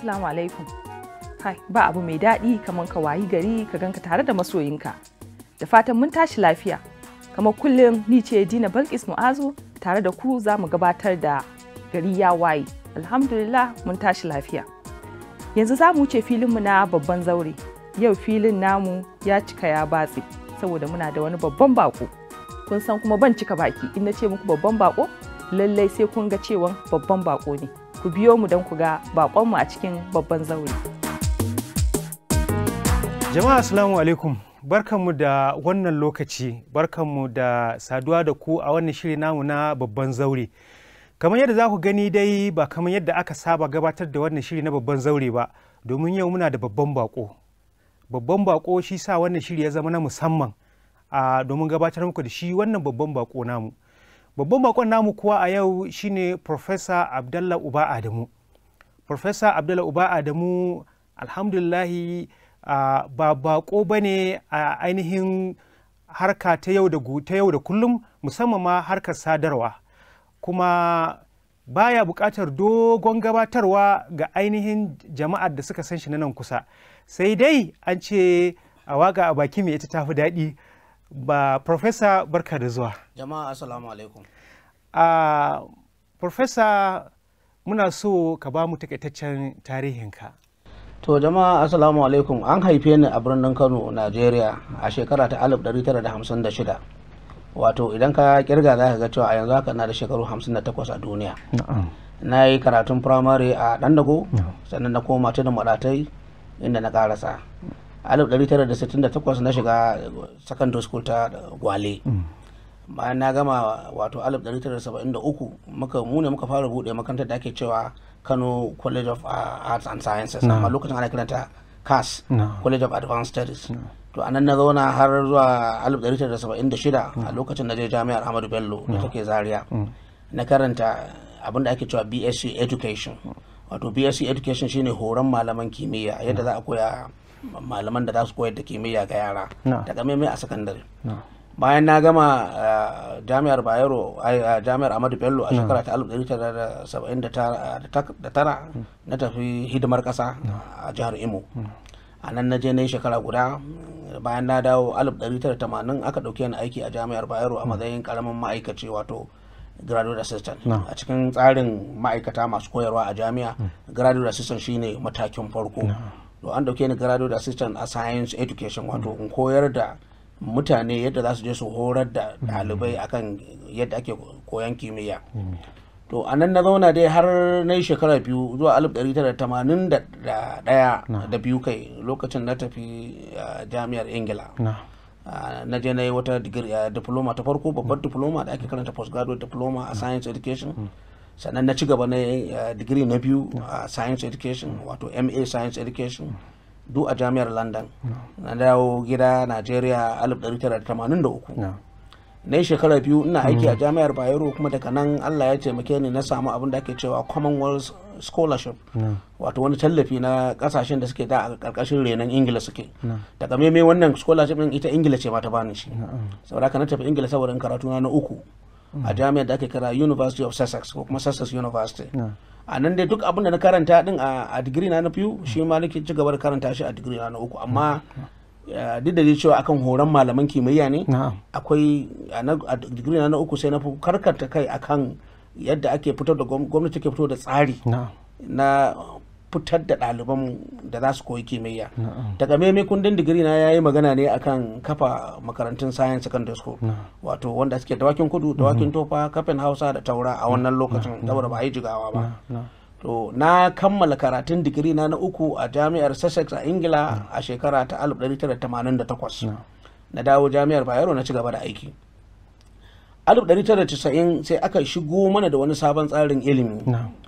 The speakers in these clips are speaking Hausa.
Assalamu alaikum. Hai, ba abu mai daɗi kamar ka wayi gari ka ganka tare da masoyinka. Da fatan mun tashi lafiya. Kamar kullum ni ce Dina Balkis Mu'azu tare da ku za mu gabatar da gari ya waye. Alhamdulillah mun tashi lafiya. Yanzu za mu wuce mu na babban zaure. Yau filin namu ya cika ya batse saboda muna da wani babban bako. Kun san kuma ban cika baki in na ce muku babban bako lallai sai kun ga cewa babban bako ne. ku biyo mu don ku ga baƙonmu a cikin babban zaure. Jama'a Assalamu alaikum. Barkanmu da wannan lokaci, barkanmu da saduwa da ku a wannan shiri namu na babban zaure. Kamar yadda za ku gani dai ba kamar yadda aka saba gabatar da wannan shiri na babban zaure ba, domin yau muna da babban bako. Babban baƙo shi sa wannan shiri ya zama na musamman domin gabatar muku da shi wannan babban bako namu. babban bakon namu kuwa a yau shine profesa abdallah uba adamu profesa abdallah uba adamu alhamdulillahi ba bako ba ne a ainihin harka ta yau da kullum musamman ma harkar sadarwa kuma baya buƙatar dogon gabatarwa ga ainihin jama'ar da suka san shi na nan kusa sai dai an ce a waga a baki mai ita tafi daɗi ba profesa, barka da zuwa jama'a assalamu alaikum a muna so ka ba mu takaitaccen tarihinka to jama'a assalamu alaikum an haife ni a birnin kano najeriya a shekara ta 1956 wato idan ka kirga za ka ga cewa a yanzu haka na da shekaru 58 a duniya na yi karatun firamare a dandago sannan na koma da maɗatai inda na karasa 1968 na shiga secondary school ta gwale mm. bayan na gama wato 1973 muka mune muka fara bude makarantar da ake cewa kano college of arts and sciences mm. amma lokacin ana kiranta cas mm. college of advanced studies to anan na zauna har zuwa 1976 a lokacin na je jami'ar ahmadu bello da take zaria na karanta abin da ake cewa bsc education wato bsc education shine horon malaman kimiyya yadda za a koya malaman da za su koyar da kimiyya ga yara daga mai a sakandare bayan na gama eh, jami'ar bayero eh, jami'ar amadu bello a shekara ta 1979 hmm. na tafi hidimar kasa a jihar imo hmm. a nan na je na yi shekara guda bayan na dawo 1980 aka ɗauke ni aiki a jami'ar bayero a hmm. matsayin karamin ma'aikaci wato graduate assistant a cikin tsarin ma'aikata masu koyarwa a jami'a graduate assistant shine matakin farko to an dauke ni graduate assistant a science education wato in koyar da mutane yadda za su je su horar da ɗalibai mm-hmm. akan yadda ake koyan kimiyya mm-hmm. to a nan na zauna dai har na shekara biyu zuwa 1981 da biyu kai lokacin na tafi jami'ar ingila na je na yi wata diploma ta farko babbar mm. diploma da ake karanta postgraduate diploma a mm. science education mm. sannan na ci gaba na eh, digiri na biyu a science education wato ma science education du a jami'ar london na dawo gida nigeria 1983 na yi shekara biyu ina aiki a mm. jami'ar bayero kuma daga nan allah ya taimake ni na samu abin da ake cewa commonwealth scholarship wato wani tallafi na kasashen da suke da a karkashin renon ingila suke daga wannan scholarship ita ingila ce ma ta bani shi saboda haka na tafi ingila saboda karatu na uku a mm. jami'ar da ake kira University of Sussex ko kuma Sussex University a nan dai duk abin da na karanta din a digiri na na biyu shi ma nake ci gaba da karanta shi a digiri na na uku amma mm. duk da cewa akan horon malaman kimiyya ne akwai a digiri na na uku sai na fi karkata kai akan yadda ake fitar da gwamnati ke fito da tsari na fitar da ɗaliban da za su koyi kimiyya daga maimai kundin digiri na ya yi magana ne akan kafa makarantun science secondary school wato wanda suke dawakin kudu dawakin tofa kafin hausa da taura a wannan lokacin saboda ba a yi jigawa ba to na kammala karatun digiri na na uku a jami'ar sussex a ingila a shekara ta 1988 na dawo jami'ar bayero na ci gaba da aiki 1990 sai aka shigo mana da wani sabon tsarin ilimi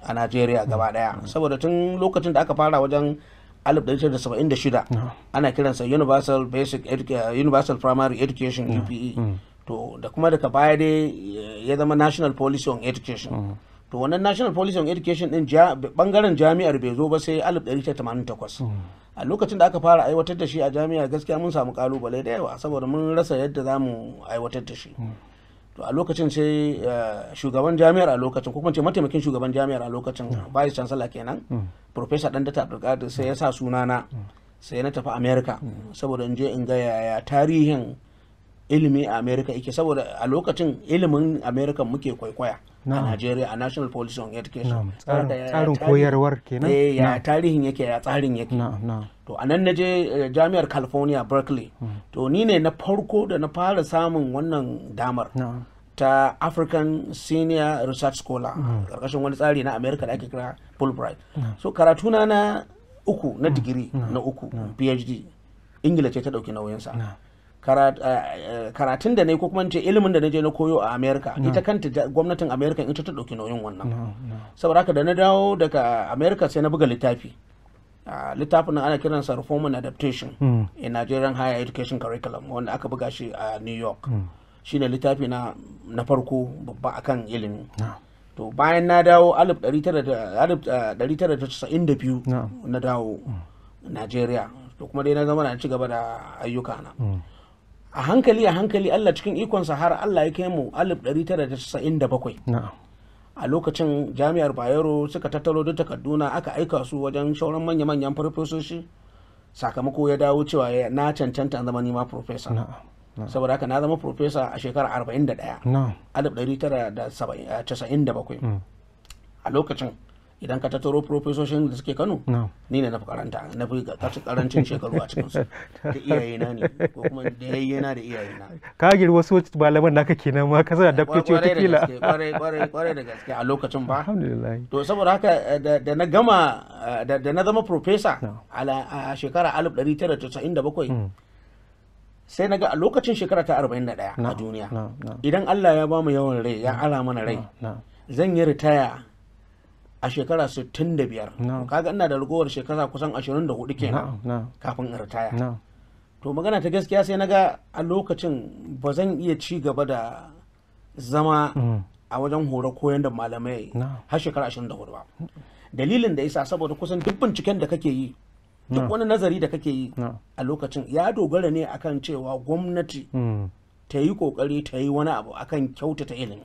a najeriya gaba daya saboda tun lokacin da aka fara wajen 1976 ana kiransa universal basic eh, universal primary education UPE mm. to da kuma daga baya dai eh, ya zama national policy on education mm. to wannan national policy on education din bangaren jami'ar bai zo ba sai 1988 mm. a lokacin da aka fara aiwatar da shi a jami'a gaskiya mun samu kalubale da yawa saboda mun rasa yadda za mu aiwatar da shi to a lokacin sai eh, shugaban jami'ar a lokacin kuma ce mataimakin shugaban jami'ar a lokacin hmm. vice chancellor kenan hmm. professor dan data abdulkadir sai ya sa sunana hmm. sai na tafi america saboda in je in ga yaya tarihin ilimi a america yake saboda a lokacin ilimin america muke kwaikwaya a nigeria a national policy on education tsarin koyarwar kenan eh, ya tarihin yake ya tsarin yake to a nan na je eh, jami'ar california berkeley hmm. to ni ne na farko da na fara samun wannan damar ta african senior research scholar karkashin hmm. wani tsari na america da ake kira fulbright so karatuna na uku na hmm. digiri na uku phd ingila ce ta dauki nauyinsa Eh, eh, karatun da na ko kuma ilimin da na je na koyo a amerika ita kanta gwamnatin amerika ita ta ɗauki nauyin wannan saboda haka da na dawo daga amerika sai na buga littafi littafin ana kiransa reform and adaptation hmm. in nigerian higher education curriculum wanda aka buga shi a new york hmm. shine littafi na farko babba akan ilimi to bayan na dawo 1992 eh, na dawo hmm. nigeria to kuma dai na zama na ci gaba da ayyuka na a hankali a hankali Allah cikin ikon sahara Allah ya kai mu 1997 a lokacin jami'ar bayero suka tattalo duk kaduna aka aika su wajen shauran manya-manyan farfesoshi sakamako ya dawo cewa na cancanta zama nima profesa saboda haka na zama profesa a shekarar 41 1997 eh, mm. a lokacin idan ka tattaro profesoshin da suke kano ni ne na fi karanta na fi karancin shekaru a cikinsu da iyayena ne ko kuma da yayyena da iyayena ka girma wasu malaman naka kenan ma ka zana daktoci wata kila kwarai da gaske a lokacin ba to saboda haka eh, da na gama eh, da na zama profesa a shekara 1997 mm. sai na ga a lokacin shekara ta 41 a duniya idan Allah ya ba mu yawan rai ya ala mana rai zan yi ritaya a shekara 65 kaga ina da rigowar shekara kusan 24 kenan kafin in ritaya to magana ta gaskiya sai na ga a lokacin ba zan iya ci gaba da zama mm. a wajen horo koyon da malamai har shekara 24 ba dalilin da isa saboda kusan duk binciken da kake yi duk wani nazari da kake yi a lokacin ya dogara ne akan cewa gwamnati mm. ta yi kokari ta yi wani abu akan kyautata ilimi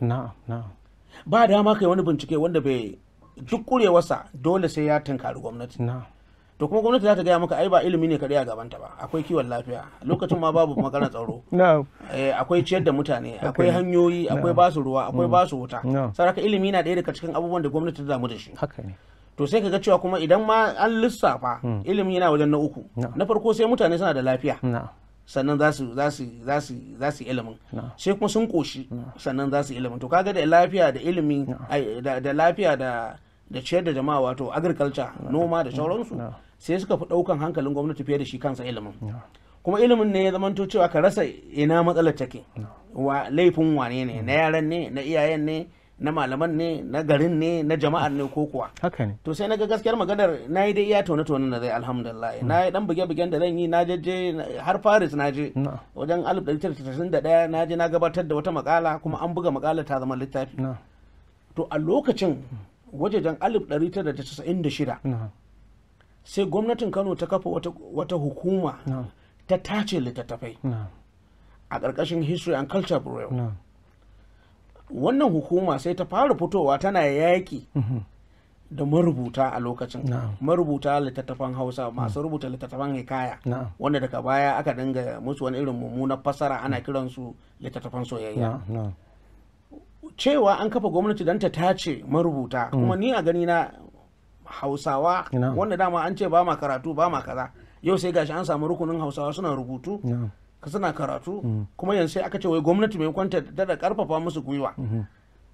ba dama kai wani bincike wanda bai duk kurewarsa dole sai ya tunkari gwamnati to kuma gwamnati za ta gaya maka ai ba ilimi ne kaɗai a gabanta ba akwai kiwon lafiya lokacin ma babu maganar tsaro eh, akwai ciyar da mutane akwai hanyoyi akwai basu ruwa akwai mm. basu wuta saraka ilimi na ɗaya daga cikin abubuwan da gwamnati ta damu da shi to sai ka ga cewa kuma idan ma an lissafa mm. ilimi yana wajen na uku na farko sai mutane suna da lafiya sannan za su za ilimin sai kuma sun koshi sannan za su ilimin to kaga da lafiya da ilimi da lafiya da da ciyar da jama'a wato agriculture noma da sauransu sai suka fi ɗaukan hankalin gwamnati fiye da shi kansa ilimin kuma ilimin ne ya zamanto cewa ka rasa ina matsalar take wa laifin wane ne na mm. yaran ne na iyayen ne na malaman ne na garin ne na jama'ar ne ko kuwa haka ne to sai na gaskiyar maganar na yi dai iya tone tone na zai alhamdulillah mm. na yi dan buge bugen da zan yi na je har Paris na je wajen 1991 na je na gabatar da wata makala kuma an buga makala ta zama littafi to a lokacin mm. wajajen 1996 sai gwamnatin kano ta kafa wata hukuma ta tace littattafai a ƙarƙashin history and culture bureau wannan hukuma sai ta fara fitowa tana yaƙi mhm. da marubuta a lokacin marubuta littattafan hausa masu rubuta littattafan hikaya wanda daga baya aka dinga musu wani irin mummunar fasara ana kiransu littattafan soyayya cewa an kafa gwamnati don ta tace marubuta mm. kuma ni a gani na hausawa wanda dama an ce ba ma karatu ba ma kaza yau sai gashi an samu rukunin hausawa suna rubutu suna karatu mm. kuma yanzu sai aka ce wai gwamnati mai kwanta dada karfafa musu gwiwa mm-hmm.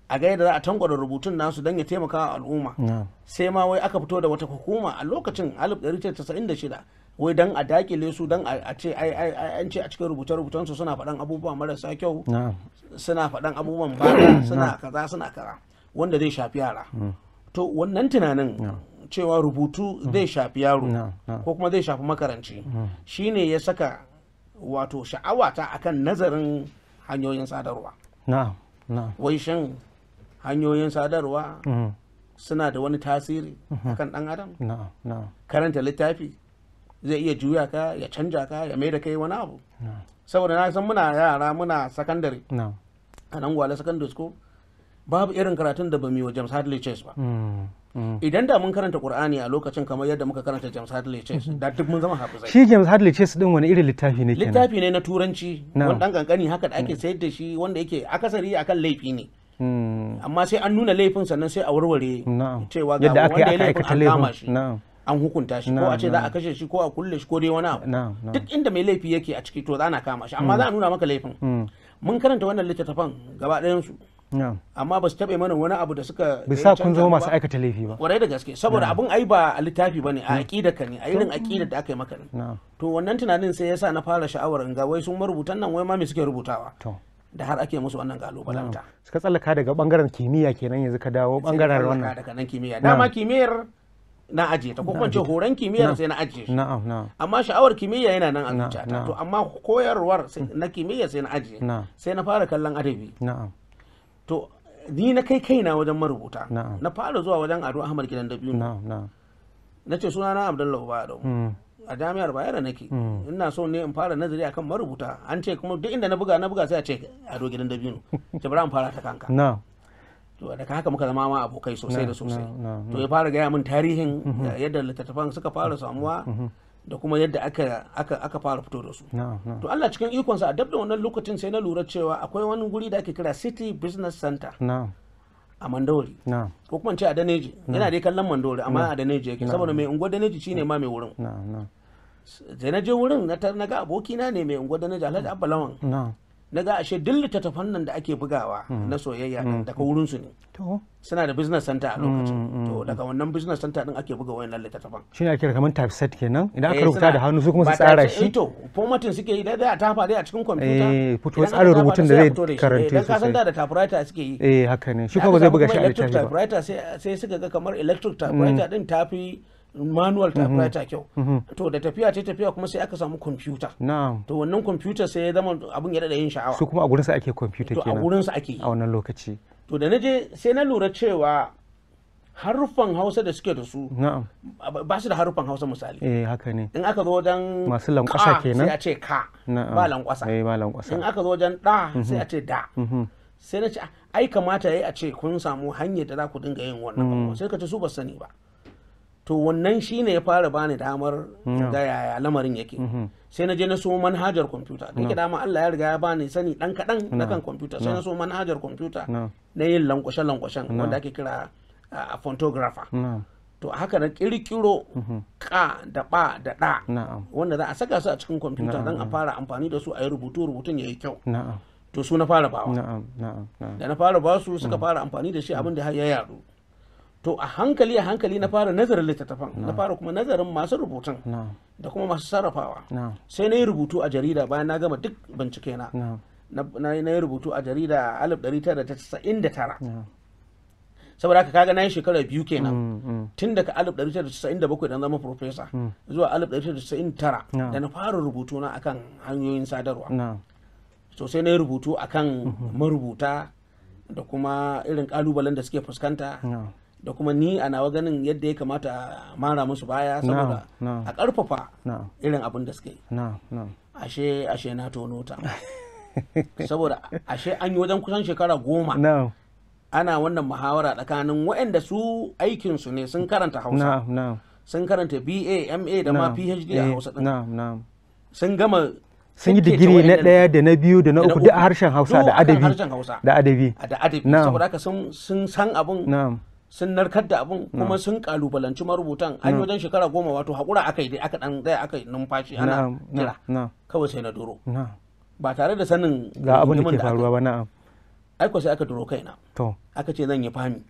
a ga yadda za a tankwada rubutun nasu don ya taimaka al'umma sai ma wai aka fito da wata hukuma a lokacin 1996 wai dan a dakile su dan a ce an ce a cikin rubuce rubutun su suna faɗan abubuwa marasa kyau suna faɗan abubuwan baya suna kaza suna kaza wanda zai shafi yara mm. to wannan tunanin cewa rubutu mm. zai shafi yaro ko kuma zai shafi makaranci mm. shine ya saka wato sha'awata akan nazarin hanyoyin sadarwa wai shin hanyoyin sadarwa suna da wani tasiri mm-hmm. akan dan adam karanta littafi zai iya juya ka ya canja ka ya mai da kai wani abu saboda na san muna yara muna sakandare a nan gwale secondary school babu irin karatun da ba mu yi wa James Hadley Chase ba mm, mm. idan da mun karanta Qur'ani a lokacin kamar yadda muka karanta James Hadley Chase mm-hmm. da duk mun zama hafizai shi James Hadley Chase din wani irin littafi ne kenan littafi ne na turanci wani dan kankani haka da ake mm. sayar da shi wanda yake akasari akan laifi ne amma sai an nuna laifin sannan sai a warware cewa ga wanda ya laifin an kama shi an hukunta shi ko a ce za a kashe shi ko a kulle shi ko dai wani abu duk inda mai laifi yake a ciki to za na kama shi amma za a mm. nuna maka laifin mm. mun karanta wannan littattafan gaba ɗayan su amma ba su taɓa mana wani abu da suka bisa kun zama masu aikata laifi ba kwarai da gaske saboda abun ai ba a littafi bane a mm. aƙida ka ne a irin aqida da aka yi maka ne to wannan tunanin sai yasa na fara sha'awar in ga wai sun marubutan nan wai ma me suke rubutawa da har ake musu wannan kalubalanta suka tsallaka daga bangaren kimiyya kenan yanzu ka dawo bangaren wannan daga kimiyya dama kimiyyar na aje ta ko kwance horon kimiyyar sai na aje shi amma sha'awar kimiyya yana nan a zuciyata to amma koyarwar mm. na kimiyya sai na aje sai na fara kallon adabi to ni na kai kaina wajen marubuta na fara zuwa wajen ado ahmad gidan da biyu na ce suna na abdullahi ba mm. a jami'ar bayero nake mm. ina so ne in fara nazari akan marubuta an ce kuma duk inda na buga na buga sai a ce ado gidan da biyu ce bari an fara ta kanka to daga haka muka zama ma abokai sosai da sosai to ya fara gaya min tarihin mhm. yadda littattafan suka fara samuwa mhm. Mhm. da kuma yadda aka aka aka fara fito da su to Allah cikin ikonsa a dab da wannan lokacin sai na lura cewa akwai wani guri da ake kira City Business Center a mandori ko kuma ce a daneji yana dai kallon mandori amma a daneji yake saboda mai unguwar daneji shine ma mai wurin da na je wurin na ga abokina ne mai unguwar daneji alhaji abba lawan na ga ashe duk littattafan nan da ake bugawa hmm. na soyayya hmm. daga wurin su ne suna da business center a lokacin hmm, to daga wannan business center din ake buga wayannan littattafan shi ne ake kamar type set kenan idan aka eh, rubuta da hannu su kuma su tsara shi eh, to formatting suke yi da da tafa dai a cikin computer eh fito tsarin rubutun da zai karanta eh, sosai ka kasan da typewriter suke yi eh haka ne shi kuma zai buga shi a littattafan ba typewriter sai sai suka ga kamar electric typewriter din tafi manual ta mhm. ta kyau mhm. to da tafiya ta tafiya kuma sai aka samu computer to wannan computer sai ya zama abun ya dada yin sha'awa su kuma a gurinsa ake computer kenan to a gurinsa ake a wannan lokaci to da naje sai na lura cewa haruffan hausa da suke da su ba su da haruffan hausa misali eh haka ne in aka zo wajen masu lankwasa kenan sai a ce ka ba lankwasa eh ba lankwasa in aka zo wajen da mhm. sai a ce da sai na ce ai kamata yayi a ce kun samu hanyar da za ku dinga yin wannan sai ka ce su ba sani ba to wannan shi ne ya fara bani damar ga yaya lamarin yake mm-hmm. sai na je na so manhajar kwamfuta da ke dama Allah ya riga ya bani sani dan kadan na kan kwamfuta sai na so manhajar kwamfuta na yin lankwashe lankwashen wanda ake kira a photographer to a haka na kirkiro mm-hmm. ka da ba da da wanda za a saka su a cikin kwamfuta dan a fara amfani da su a yi rubutu rubutun yi kyau to su na fara bawa da na fara ba su suka mm. fara amfani da shi abin da ya yaro to a hankali a hankali na fara nazarin littattafan na fara kuma nazarin masu rubutun da kuma masu sarrafawa sai na yi rubutu a jarida bayan na gama duk bincike na na yi rubutu a jarida a alif tara tara. saboda haka kaga na yi shekara biyu kenan mm, mm. tun daga alif tara da zama profesa mm. zuwa alif tara da na fara rubutu na akan hanyoyin sadarwa sai na yi rubutu akan mm-hmm. marubuta da kuma irin kalubalen da suke fuskanta da kuma ni a nawa ganin yadda ya kamata a mara musu baya saboda a karfafa irin abin da suke yi ashe ashe na tono ta saboda ashe an yi wajen kusan shekara goma ana wannan muhawara tsakanin waɗanda su aikinsu ne sun karanta hausa sun karanta ba ma da ma phd a eh, hausa din sun gama sun yi digiri na ɗaya da na biyu da na uku duk a harshen hausa da adabi da adabi saboda haka sun san abin sun narkar da abin kuma sun kalubalanci marubutan an wajen shekara goma wato haƙura aka yi dai aka ɗan tsaya aka yi numfashi ana kira kawai sai na duro ba tare da sanin ga abin da ke faruwa ba na'am aiko sai aka duro kaina to aka ce zan yi fami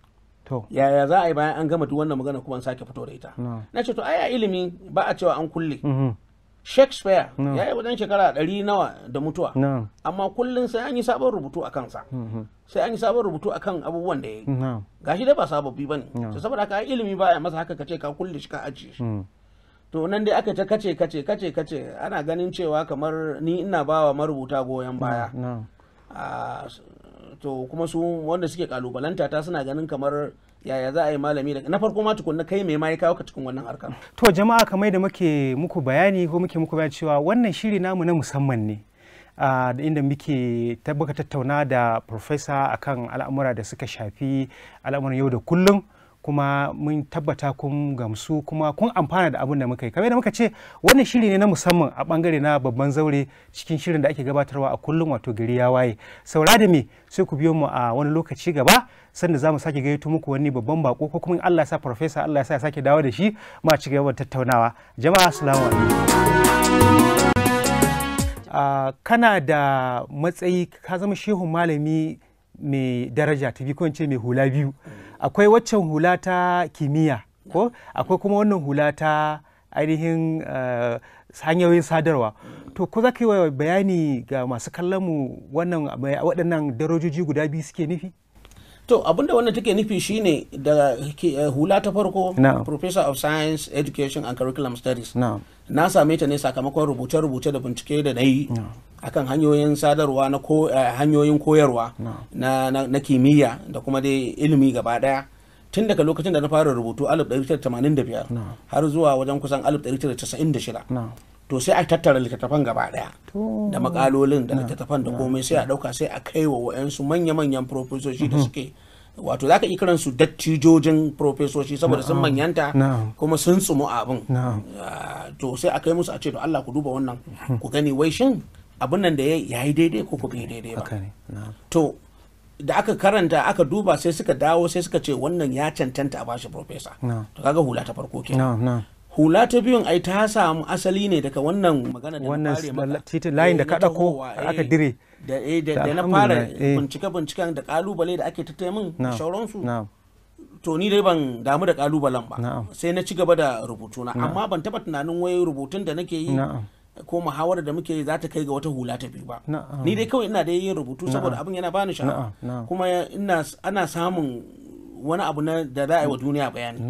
to yaya za a yi bayan an gama duk wannan magana kuma an sake fito da ita na ce to ai a ilimi ba a cewa an kulle mm-hmm. shakespeare ya yi wajen shekara ɗari nawa da mutuwa amma kullum sai an yi sabon rubutu a kansa mm-hmm. sai an yi sabon rubutu a kan abubuwan da ya yi gashi dai ba sababbi ba ne saboda yi ilimi baya masa haka kace ka kulle shi ka ajiye shi mm. to nan dai aka ta kace kace kace kace ana ganin cewa kamar ni ina bawa marubuta goyon baya ah, to kuma su wanda suke kalubalanta ta suna ganin kamar yaya za a yi malami da na farko ma tukunna kai mai ma ya kawo ka cikin wannan harkar to jama'a kamar da muke muku bayani ko muke muku bayani cewa wannan shiri namu na musamman ne da inda muke tabbaka tattauna da professor akan al'amura da suka shafi al'amuran yau da kullum kuma mun tabbata kun gamsu kuma kun amfana da abin da muka yi kamar da muka ce wannan shiri ne na musamman a bangare na babban zaure cikin shirin da ake gabatarwa a kullum wato gari ya waye saura da me sai ku biyo mu a wani lokaci gaba sanda za mu sake gayyato muku wani babban bako ko kuma in Allah ya sa professor Allah ya sa ya sake dawo da shi ma ci gaba tattaunawa jama'a assalamu alaikum kana da matsayi ka zama shehun malami mai daraja ta biyu ko mai hula biyu akwai waccan hula ta kimiyya ko akwai kuma wannan hula ta ainihin eh, hanyoyin sadarwa to ko za ka yi wa bayani ga masu kallon mu wannan waɗannan darajoji guda biyu suke nufi to abinda wannan take nufi shine da eh, hula ta farko professor of science education and curriculum studies na same ta ne sakamakon rubuce-rubuce da bincike da na yi akan hanyoyin sadarwa na ko eh, hanyoyin koyarwa na na kimiyya da kuma dai ilimi gaba daya tun daga lokacin da na fara rubutu 1985 har zuwa wajen kusan 1996 to sai a tattara littattafan gaba daya da makalolin da littattafan da komai sai a dauka sai a kai wa wayansu manya-manyan profesoshi da mm-hmm. suke wato za ka iya kiransu dattijojin profesoshi saboda sun manyanta kuma sun tsumu abin ah, to sai a kai musu a ce to Allah ku duba wannan mm-hmm. ku gani wai shin abin nan da ya yi daidai ko kuma yi daidai ba to da aka karanta aka duba sai suka dawo sai suka ce wannan ya cancanta a bashi profesa to kaga hula ta farko ke hula ta biyun ai ta samu asali ne daga wannan magana da wannan titin layin da ka eh, ko aka eh, dire da eh, na fara bincike binciken da kalubale da ake ta min shauransu to ni dai ban damu da kalubalen ba sai na ci gaba da rubutuna amma ban taba tunanin wai rubutun da nake yi ko muhawara da muke za ta kai ga wata hula ta biyu ba ni dai kawai ina da yin rubutu saboda abin yana bani sha'awa kuma ina ana samun wani abu da za a yi wa duniya bayani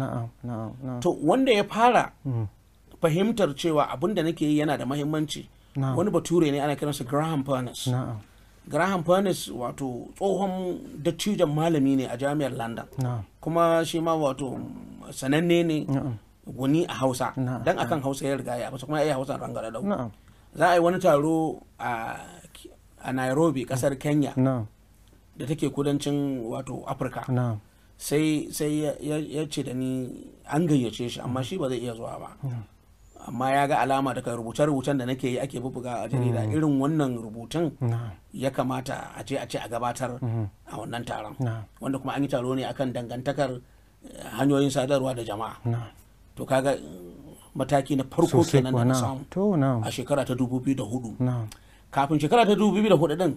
to wanda ya fara hmm. fahimtar cewa abin da nake yi yana da mahimmanci wani bature ne ana kiransa graham furness graham furness wato tsohon dattijan malami ne a jami'ar london kuma shi ma wato sananne ne guni a hausa dan akan hausa ya riga ya kuma ya yi hausa rangara dau za a yi wani taro a nairobi kasar kenya da take kudancin wato afirka sai ya ce da ni an gayyace shi amma shi ba zai iya zuwa ba amma ya ga alama daga rubuce-rubucen da nake yi ake bubuga a jarida mm. irin wannan rubutun ya kamata a ce a ce a gabatar mm-hmm. a wannan taron wanda kuma an yi taro ne akan dangantakar eh, hanyoyin sadarwa da jama'a to kaga mataki na farko kenan da na samu a shekara ta 2004 kafin shekara ta 2004 din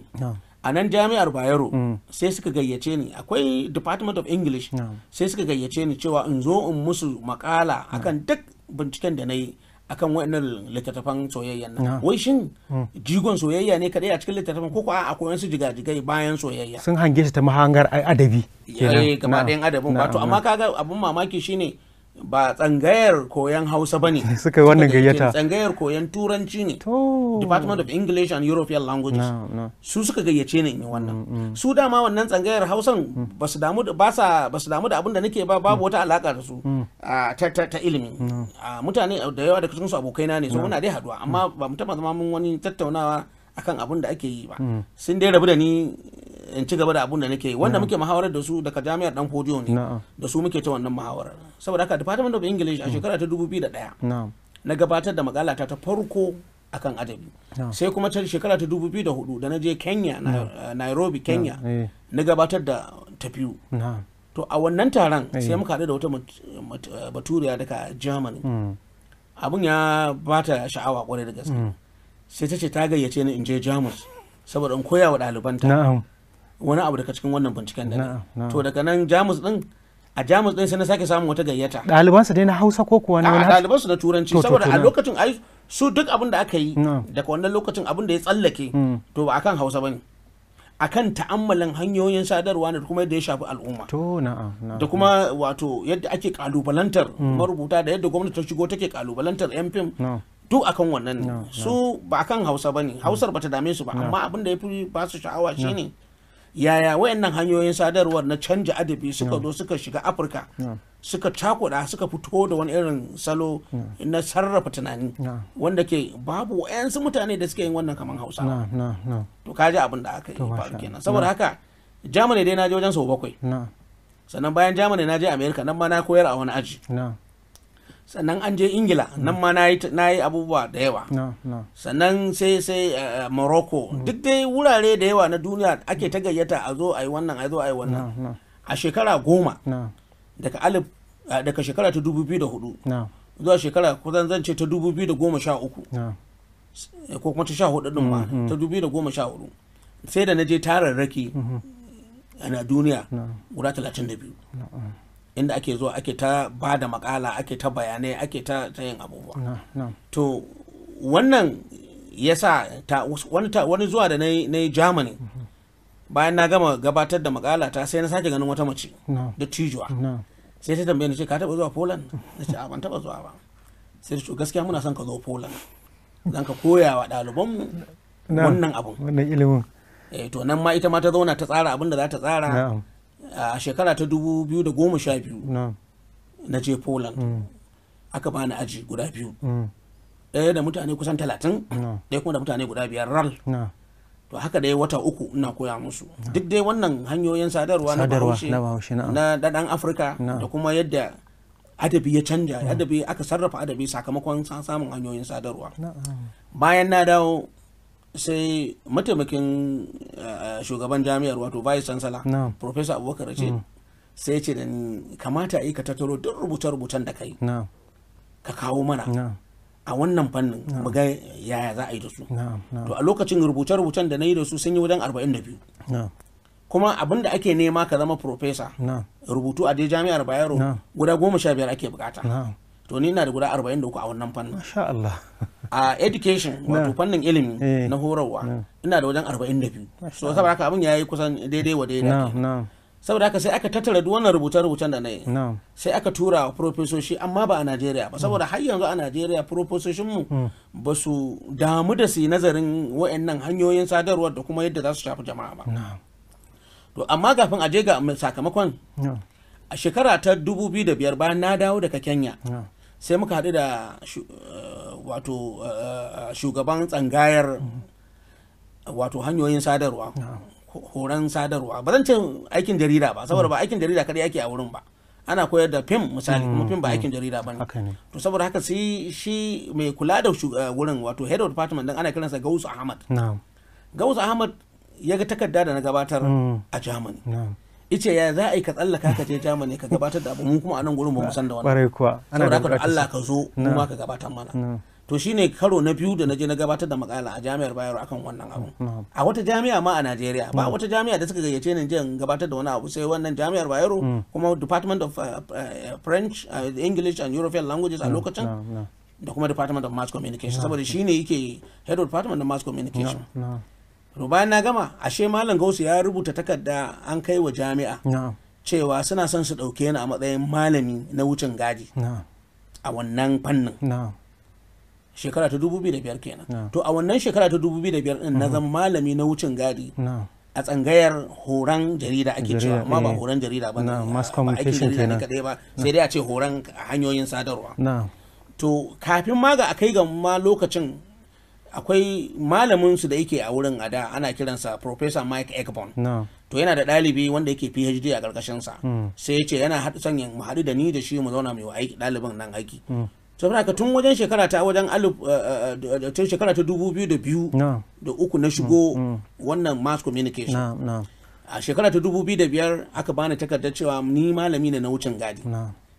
a nan jami'ar bayero mm. sai suka gayyace ni akwai department of english sai suka gayyace ni cewa in zo in musu makala akan duk binciken da na yi akan waɗannan littattafan soyayya nan wai shin mm. jigon soyayya ne kadai a cikin littattafan ko a akwai wasu jigajigai bayan soyayya sun hange shi ta mahangar adabi eh gaba ɗayan adabin ba to amma kaga abun mamaki shine ba tsangayar koyon hausa ba ne suka wannan gayyata tsangayar koyon turanci ne department of english and european languages su suka gayyace ne ne wannan mm, mm. su dama wannan tsangayar hausan mm. ba su damu da abin da nake ba babu wata alaka da su ta ilimi mutane da yawa daga cikinsu abokaina ne so muna dai haduwa amma ba mu taba zama mun wani tattaunawa akan abin da ake yi ba sun dai rabu da ni in ci gaba da abun da nake wanda muke muhawarar da su daga jami'ar dan fodiyo ne da su muke ta wannan muhawarar saboda haka department of english a mm. shekara ta 2001 na gabatar da makala ta farko akan adabi sai kuma ta shekara ta 2004 da na je kenya eh, nairobi kenya eh. na gabatar da tafiyu to a wannan taron eh. sai muka haɗu da wata baturiya daga germany mm. abun ya bata sha'awa kwarai da gaske mm. sai ta ce ta gayyace ni in je jamus saboda in koya wa ɗalibanta wani abu daga cikin wannan binciken da to daga nan jamus din a jamus din sai na sake samun wata gayyata ɗalibansu dai na hausa ko kuwa ne ɗalibansu na turanci saboda a lokacin ai su duk abin da aka yi daga wannan lokacin abin da ya tsallake hmm. to ba akan hausa bane akan ta'ammalin hanyoyin sadarwa ne kuma yadda ya shafi al'umma to da kuma wato yadda ake kalubalantar hmm. marubuta da yadda gwamnati ta shigo take kalubalantar yan fim duk akan wannan su ba akan hausa bane hausar bata dame su ba amma abin da ya fi ba su sha'awa shine yaya wayannan hanyoyin sadarwar na canja adabi suka zo suka shiga afirka suka cakuda suka fito da wani irin salo na sarrafa tunani wanda ke babu wayansu mutane da suke yin wannan kamar hausa to kaji abin da aka yi faru kenan saboda haka jamani dai na je wajen sau bakwai sannan bayan jamani na je amerika nan ma na koyar a wani aji sannan an je ingila nan ma na yi abubuwa da yawa sannan sai sai eh, morocco mm. duk dai wurare da yawa na duniya ake ta gayyata a zo a yi wannan a zo a yi wannan a shekara goma eh, daga shekara ta dubu biyu da hudu zuwa shekara kusan zan ce ta dubu biyu da goma sha uku eh, ko kuma ta sha hudu din ma mm, mm. ta dubu biyu da goma sha hudu sai da na je tararraki mm-hmm. a duniya guda talatin da biyu inda ake zuwa ake ta ba da makala ake ta bayanai ake ta yin abubuwa to wannan ya sa wani zuwa da na yi germany mhm. bayan na gama gabatar da makala ta sai na sake ganin wata mace da tijuwa sai ta tambaye ni ce ka taba zuwa poland na ce ban taba zuwa ba sai ta ce gaskiya muna son ka zo poland zan ka koya wa ɗalibanmu wannan abun wannan ilimin eh to nan ma ita ma ta zauna ta tsara abin da za ta tsara a shekara ta 2012 na je poland mm. aka bani aji guda biyu mm. ɗaya da mutane kusan talatin ɗaya kuma da mutane guda biyar ral to haka dai wata uku ina koya musu duk dai wannan hanyoyin sadarwa na bahaushe na ɗan afirka da kuma yadda adabi ya canja adabi aka sarrafa adabi sakamakon samun hanyoyin sadarwa bayan na dawo sai mataimakin eh, shugaban jami'ar wato vice chancellor professor abubakar ce mm. sai ce da kamata yi ka tattaro duk rubuce-rubucen da kai ka kawo mana a wannan fannin mu ga yaya za a yi da su to a lokacin rubuce-rubucen da na yi da su sun yi wajen 42 kuma abin da ake nema ka zama profesa rubutu a dai jami'ar bayero guda goma sha biyar ake bukata to ni na da guda 43 a wannan fannin a education wato fannin ilimi eh. na horarwa ina da wajen 42 so saboda haka abin ya yi kusan daidai wa daidai saboda haka sai aka tattara duk wannan rubuce-rubucen da na yi sai aka tura wa profesoshi amma ba a najeriya ba hmm. saboda har yanzu a najeriya profesoshinmu hmm. ba su damu da su nazarin wa'annan hanyoyin sadarwar da kuma yadda za su shafi jama'a ba to amma kafin a je ga sakamakon a shekara ta 2005 bayan na dawo daga kenya sai muka haɗu da eh, wato eh, eh, shugaban tsangayar mm-hmm. wato hanyoyin sadarwa horon sadarwa ba zan ce aikin jarida ba saboda ba mm. aikin jarida kadai ake a wurin ba ana koyar da fim misali kuma mm-hmm. fim ba mm-hmm. aikin jarida ba to saboda haka sai shi mai kula da wurin wato head of department din ana kiransa gausu ahmad gausu ahmad ya ga takarda da na gabatar mm. a germany ice ya za a yi ka tsallaka ka je jamani ka gabatar da abu kuma a nan gurin ba mu san da wani saboda haka Allah ka zo mu ka gabatar mana to shine karo na biyu da naje na gabatar da makala a jami'ar Bayero akan wannan abu a wata jami'a ma a Najeriya ba wata jami'a da suka gayyace ni jin gabatar da wani abu sai wannan jami'ar Bayero kuma Department of uh, uh, French uh, English and European Languages a lokacin da kuma Department of Mass Communication saboda shine yake head of Department of Mass Communication to bayan na gama ashe malam gausu ya rubuta takarda an kai wa jami'a cewa suna son su ɗauke ni a matsayin malami na wucin gadi a wannan fannin shekara ta dubu biyu da biyar kenan to a wannan shekara ta dubu biyu da biyar din na zan malami na wucin gadi a tsangayar horon jarida ake cewa amma ba eh. horon jarida ba mass communication kenan kadai ba sai dai a ce horon hanyoyin sadarwa to kafin ma ga akai ga ma lokacin akwai malamin su da yake a wurin a da ana kiransa professor mike ekbon to yana da ɗalibi wanda yake phd a ƙarƙashinsa. sa hmm. sai ya ce yana son mu haɗu da ni da shi mu zauna mai aiki ɗalibin nan aiki hmm. saboda ka tun wajen shekara ta wajen alif eh, eh, eh, tun shekara ta dubu biyu da biyu da uku na shigo hmm. wannan mass communication a shekara ta dubu biyu da biyar aka bani takardar cewa ni malami ne na wucin gadi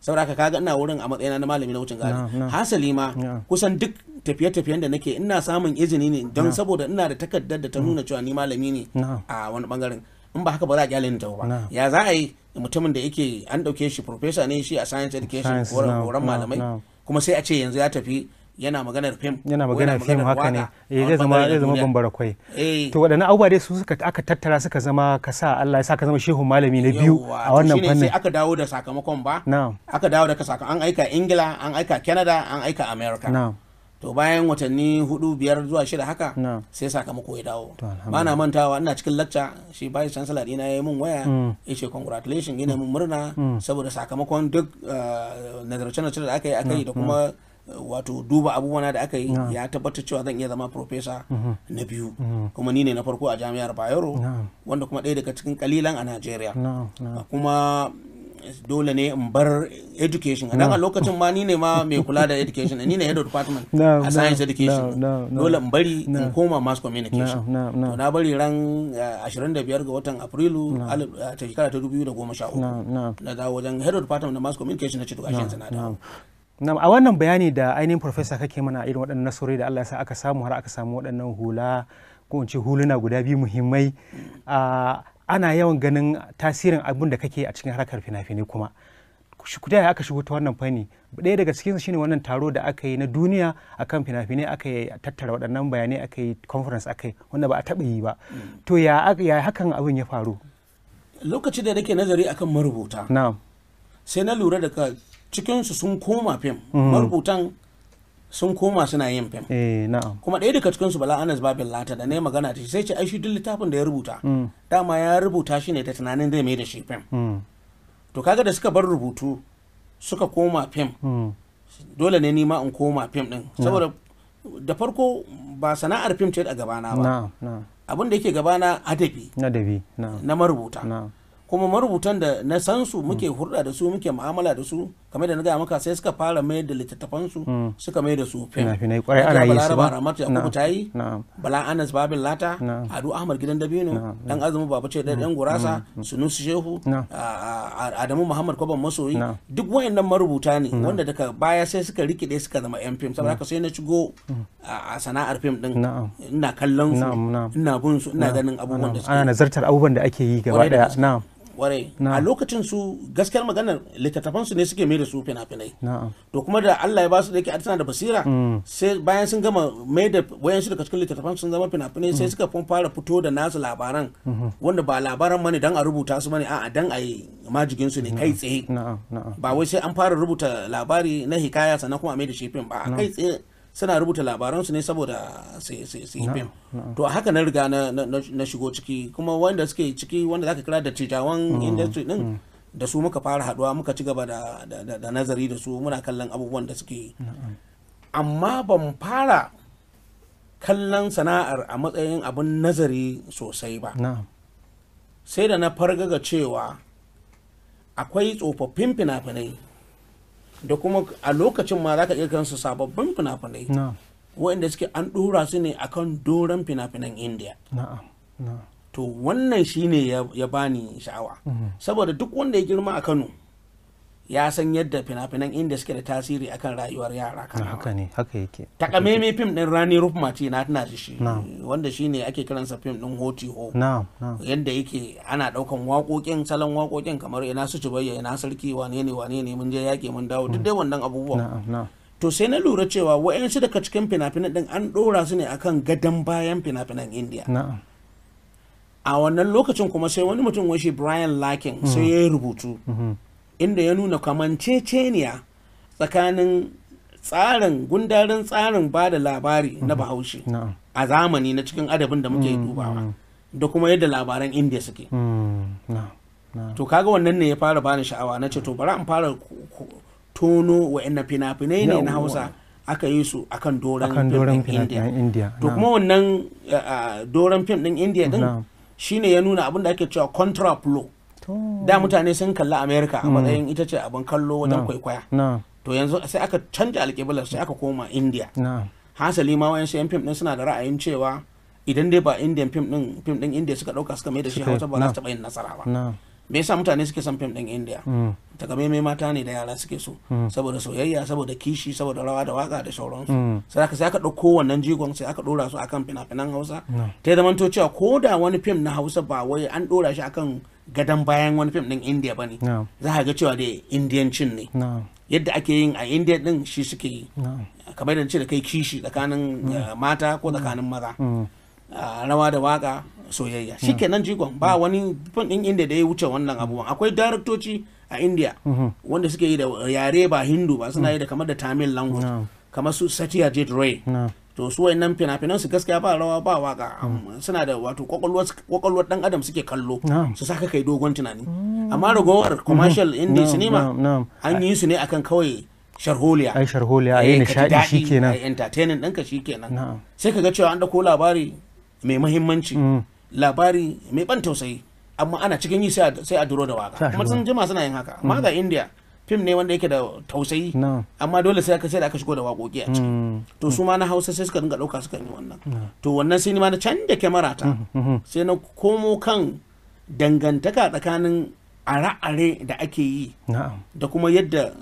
saboda ka kaga ina wurin a matsayina na malami na wucin gadi hasali ma kusan duk tafiye-tafiyen da nake ina samun izini ne don saboda ina da takardar da ta mm. nuna cewa ni malami ne a wani bangaren in ba haka ba za a gyale ni ta ba ya za a yi mutumin da yake an dauke shi professor ne shi a science education koran malamai kuma sai a ce yanzu ya tafi yana maganar fim yana maganar fim haka ne eh zai zama zai zama bambara kwai eh. to waɗannan abubuwa dai su suka aka tattara suka zama ka sa Allah ya sa ka zama shehu malami na biyu a wannan fannin sai aka dawo da sakamakon ba aka dawo da sakamakon an aika Ingila an aika Canada an aika America to bayan watanni hudu biyar zuwa shida haka sai sakamako ya dawo ba na mantawa ina cikin lacca shi vice chancellor dina ya yi min waya mm. ya ce congratulations gina mun murna mm. saboda sakamakon duk ah, nazarce-nazarce da aka yi aka da mm. kuma ah, wato duba abubuwan da aka yi ya tabbatar cewa zan iya zama profesa mm-hmm. na biyu mm-hmm. kuma ni ne na farko a jami'ar bayero wanda kuma ɗaya daga cikin kalilan a najeriya kuma dole ne in bar education a a lokacin ma ni ne ma mai kula da education ni ne head of department a science education dole in bari in koma mass communication to na bari ran 25 eh, ga watan afrilu eh, a shekara ta 2013 na dawo wajen head of department na mass communication na cikin to gashi na na a wannan bayani da ainihin professor kake mana irin waɗannan nasarori da Allah ya sa aka samu har aka samu waɗannan hula ko in ce huluna guda biyu muhimmai mm. ah, ana yawan ganin tasirin abin da kake a cikin harkar fina-finai kuma ku ya aka shigo ta wannan fanni ɗaya daga cikin shine wannan taro da aka yi na duniya akan fina-finai aka yi tattara waɗannan bayanai aka yi conference aka yi wanda ba a taɓa yi ba to ya hakan abin ya faru lokaci da nake nazari akan marubuta sai na lura da cikinsu sun koma fim mm-hmm. marubutan sun koma suna yin fim eh, kuma ɗaya daga cikinsu bala anas babin lata da ne magana ta sai ce ai shi duk littafin da ya rubuta mm. dama ya rubuta shi ne ta tunanin zai mai da shi fim mm. to kaga da suka bar rubutu suka koma fim mm. dole ne nima in koma fim din saboda da farko ba sana'ar fim ce a gabana ba abin da yake gabana adabi na marubuta kuma marubutan da na san su muke hurɗa da su muke mu'amala da su kamar da na gaya maka sai suka fara mai da littattafansu hmm. suka mai da su fim fina kwarai ana yi su ba ramatu ya ta yi bala anas babin lata adu ahmad gidan dabino dan azumi baba ce da dan gurasa sunusu shehu adamu muhammad kwaban masoyi duk wayannan marubuta ne wanda daga baya sai suka rikide suka zama yan fim saboda haka sai na shigo hmm. a sana'ar fim din ina kallon su ina bin su ina ganin abubuwan da suke ana nazartar abubuwan da ake yi gaba daya na'am kwarai a lokacin su gaskiyar maganar littattafan ne suke mai da su fina-finai to kuma da Allah ya ba su da yake da basira mm. sai bayan sun gama mai da wayansu daga cikin littattafan sun zama fina-finai sai mm. suka fara fito da nasu labaran mm-hmm. wanda ba labaran mani dan a rubuta su mani a dan a yi majigin su ne kai tsaye ba wai sai an fara rubuta labari na hikaya sannan kuma a mai da shi fim ba a kai tsaye suna rubuta labaransu ne saboda su yi fim to a haka na riga na shigo ciki kuma wanda suke ciki wanda zaka kira da titawan mm, industry din mm. da su muka fara haduwa muka ci gaba da nazari da su muna kallon abubuwan da suke amma ban fara kallon sana'ar a matsayin abin nazari sosai ba sai da na fargaga cewa akwai tsofaffin fina-finai da kuma a lokacin ma za ka iya kansu sababbin fina-finai wainda suke an dora su ne akan doron fina-finan indiya to wannan shine ya bani sha'awa mhm. saboda duk wanda ya girma a kano ya san yadda fina-finan inda suke da tasiri akan rayuwar yara kan haka ne haka yake takameme fim din rani rufmati na tana shi shi wanda shine ake kiransa fim din hoti ho yadda yake ana daukan waƙoƙin salon waƙoƙin kamar ina su ci bayya ina sarki wane ne wane ne mun je yaƙi mun dawo duk dai wannan abubuwa to sai na lura cewa wa'yansu daga cikin fina-finan din an ɗora su ne akan gadon bayan fina-finan indiya a wannan lokacin kuma sai wani mutum wai shi brian larkin sai ya rubutu mm-hmm. inda ya nuna kwamanceceniya tsakanin tsarin gundarin tsarin ba da labari na mhm. bahaushe a zamani na cikin adabin da muke mhm. dubawa mhm. da kuma yadda labaran indiya suke to kaga wannan ne ya fara bani sha'awa na ce to bari in fara tono ina fina-finai ne na hausa aka yi su akan doron fim din indiya to kuma wannan eh, eh, doron fim din indiya din shine ya nuna abin da ake cewa contra da mutane sun kalli america a hmm. matsayin ita ce abin kallo wajen kwaikwaya to yanzu sai aka canja alƙiblar sai aka koma india hasali ma wayansu yan fim din suna da ra'ayin cewa idan dai ba indian fim din fim din india suka dauka suka mai da shi hausa ba za su taɓa yin nasara ba me yasa mutane suke son fim din india takamaimai mm. mata ne da yara suke so mm. saboda soyayya saboda kishi saboda rawa da waka da sauransu mm. sai aka sai aka ɗauko wannan jigon sai aka ɗora su akan fina-finan hausa ta zama to cewa ko da wani fim na hausa ba wai an ɗora shi akan gadon bayan wani fim din india ba ne za ka ga cewa da indiyancin ne yadda ake yin a india din shi suke yi kamar da ce da kai kishi tsakanin eh, mata ko tsakanin maza ah, rawa da waka soyayya shi kenan jikon ba wani fim din inda da ya wuce wannan abubuwan akwai daraktoci a india mhm. wanda suke yi da yare ba hindu ba suna mm. yi da kamar da tamil language kamar su jade ray to su wayannan fina-finan su gaskiya ba rawa ba waka suna da wato kwakwalwar dan adam suke kallo su saka kai dogon tunani mm. amma ragowar mm-hmm. commercial indie cinema an yi su ne akan kawai sharholiya ai sharholiya ai eh, nishadi shikenan entertaining ɗinka shikenan sai ka ga cewa an dauko labari mai mahimmanci mm. labari mai ban tausayi amma ana cikin yi sai a duro da waka kuma sun jima suna yin haka mm. amma ga india fim ne wanda yake da tausayi amma dole sai aka sai da aka shigo da waƙoƙi a ciki mm. to su ma na hausa sai suka dinga ɗauka suka yi wannan to wannan sai ni ma na canja kyamara ta mm-hmm, mm-hmm. sai na komo kan dangantaka tsakanin are-are da ake yi da kuma yadda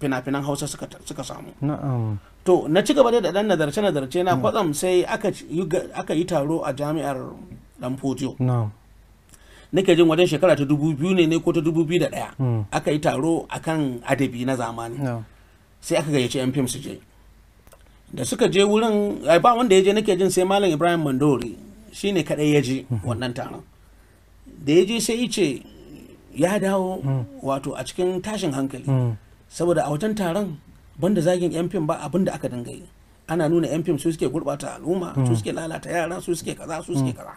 fina-finan hausa suka samu to na ci gaba da ɗan nazarce-nazarce na mm. kwatsam sai aka yi taro a jami'ar dan Na ke jin wajen shekara ta dubu biyu ne ko ta dubu biyu da ɗaya hmm. aka yi taro akan adabi na zamani sai aka gayyaci yan fim su je da suka je wurin ba wanda ya je nake jin sai malam ibrahim mandori shine kadai ya je hmm. wannan taron da ya je sai ce ya dawo hmm. wato a cikin tashin hankali saboda a wajen taron banda zagin yan fim ba abin da aka dinga yi ana nuna yan fim su suke gurbata al'umma su suke lalata yara su suke kaza su suke kaza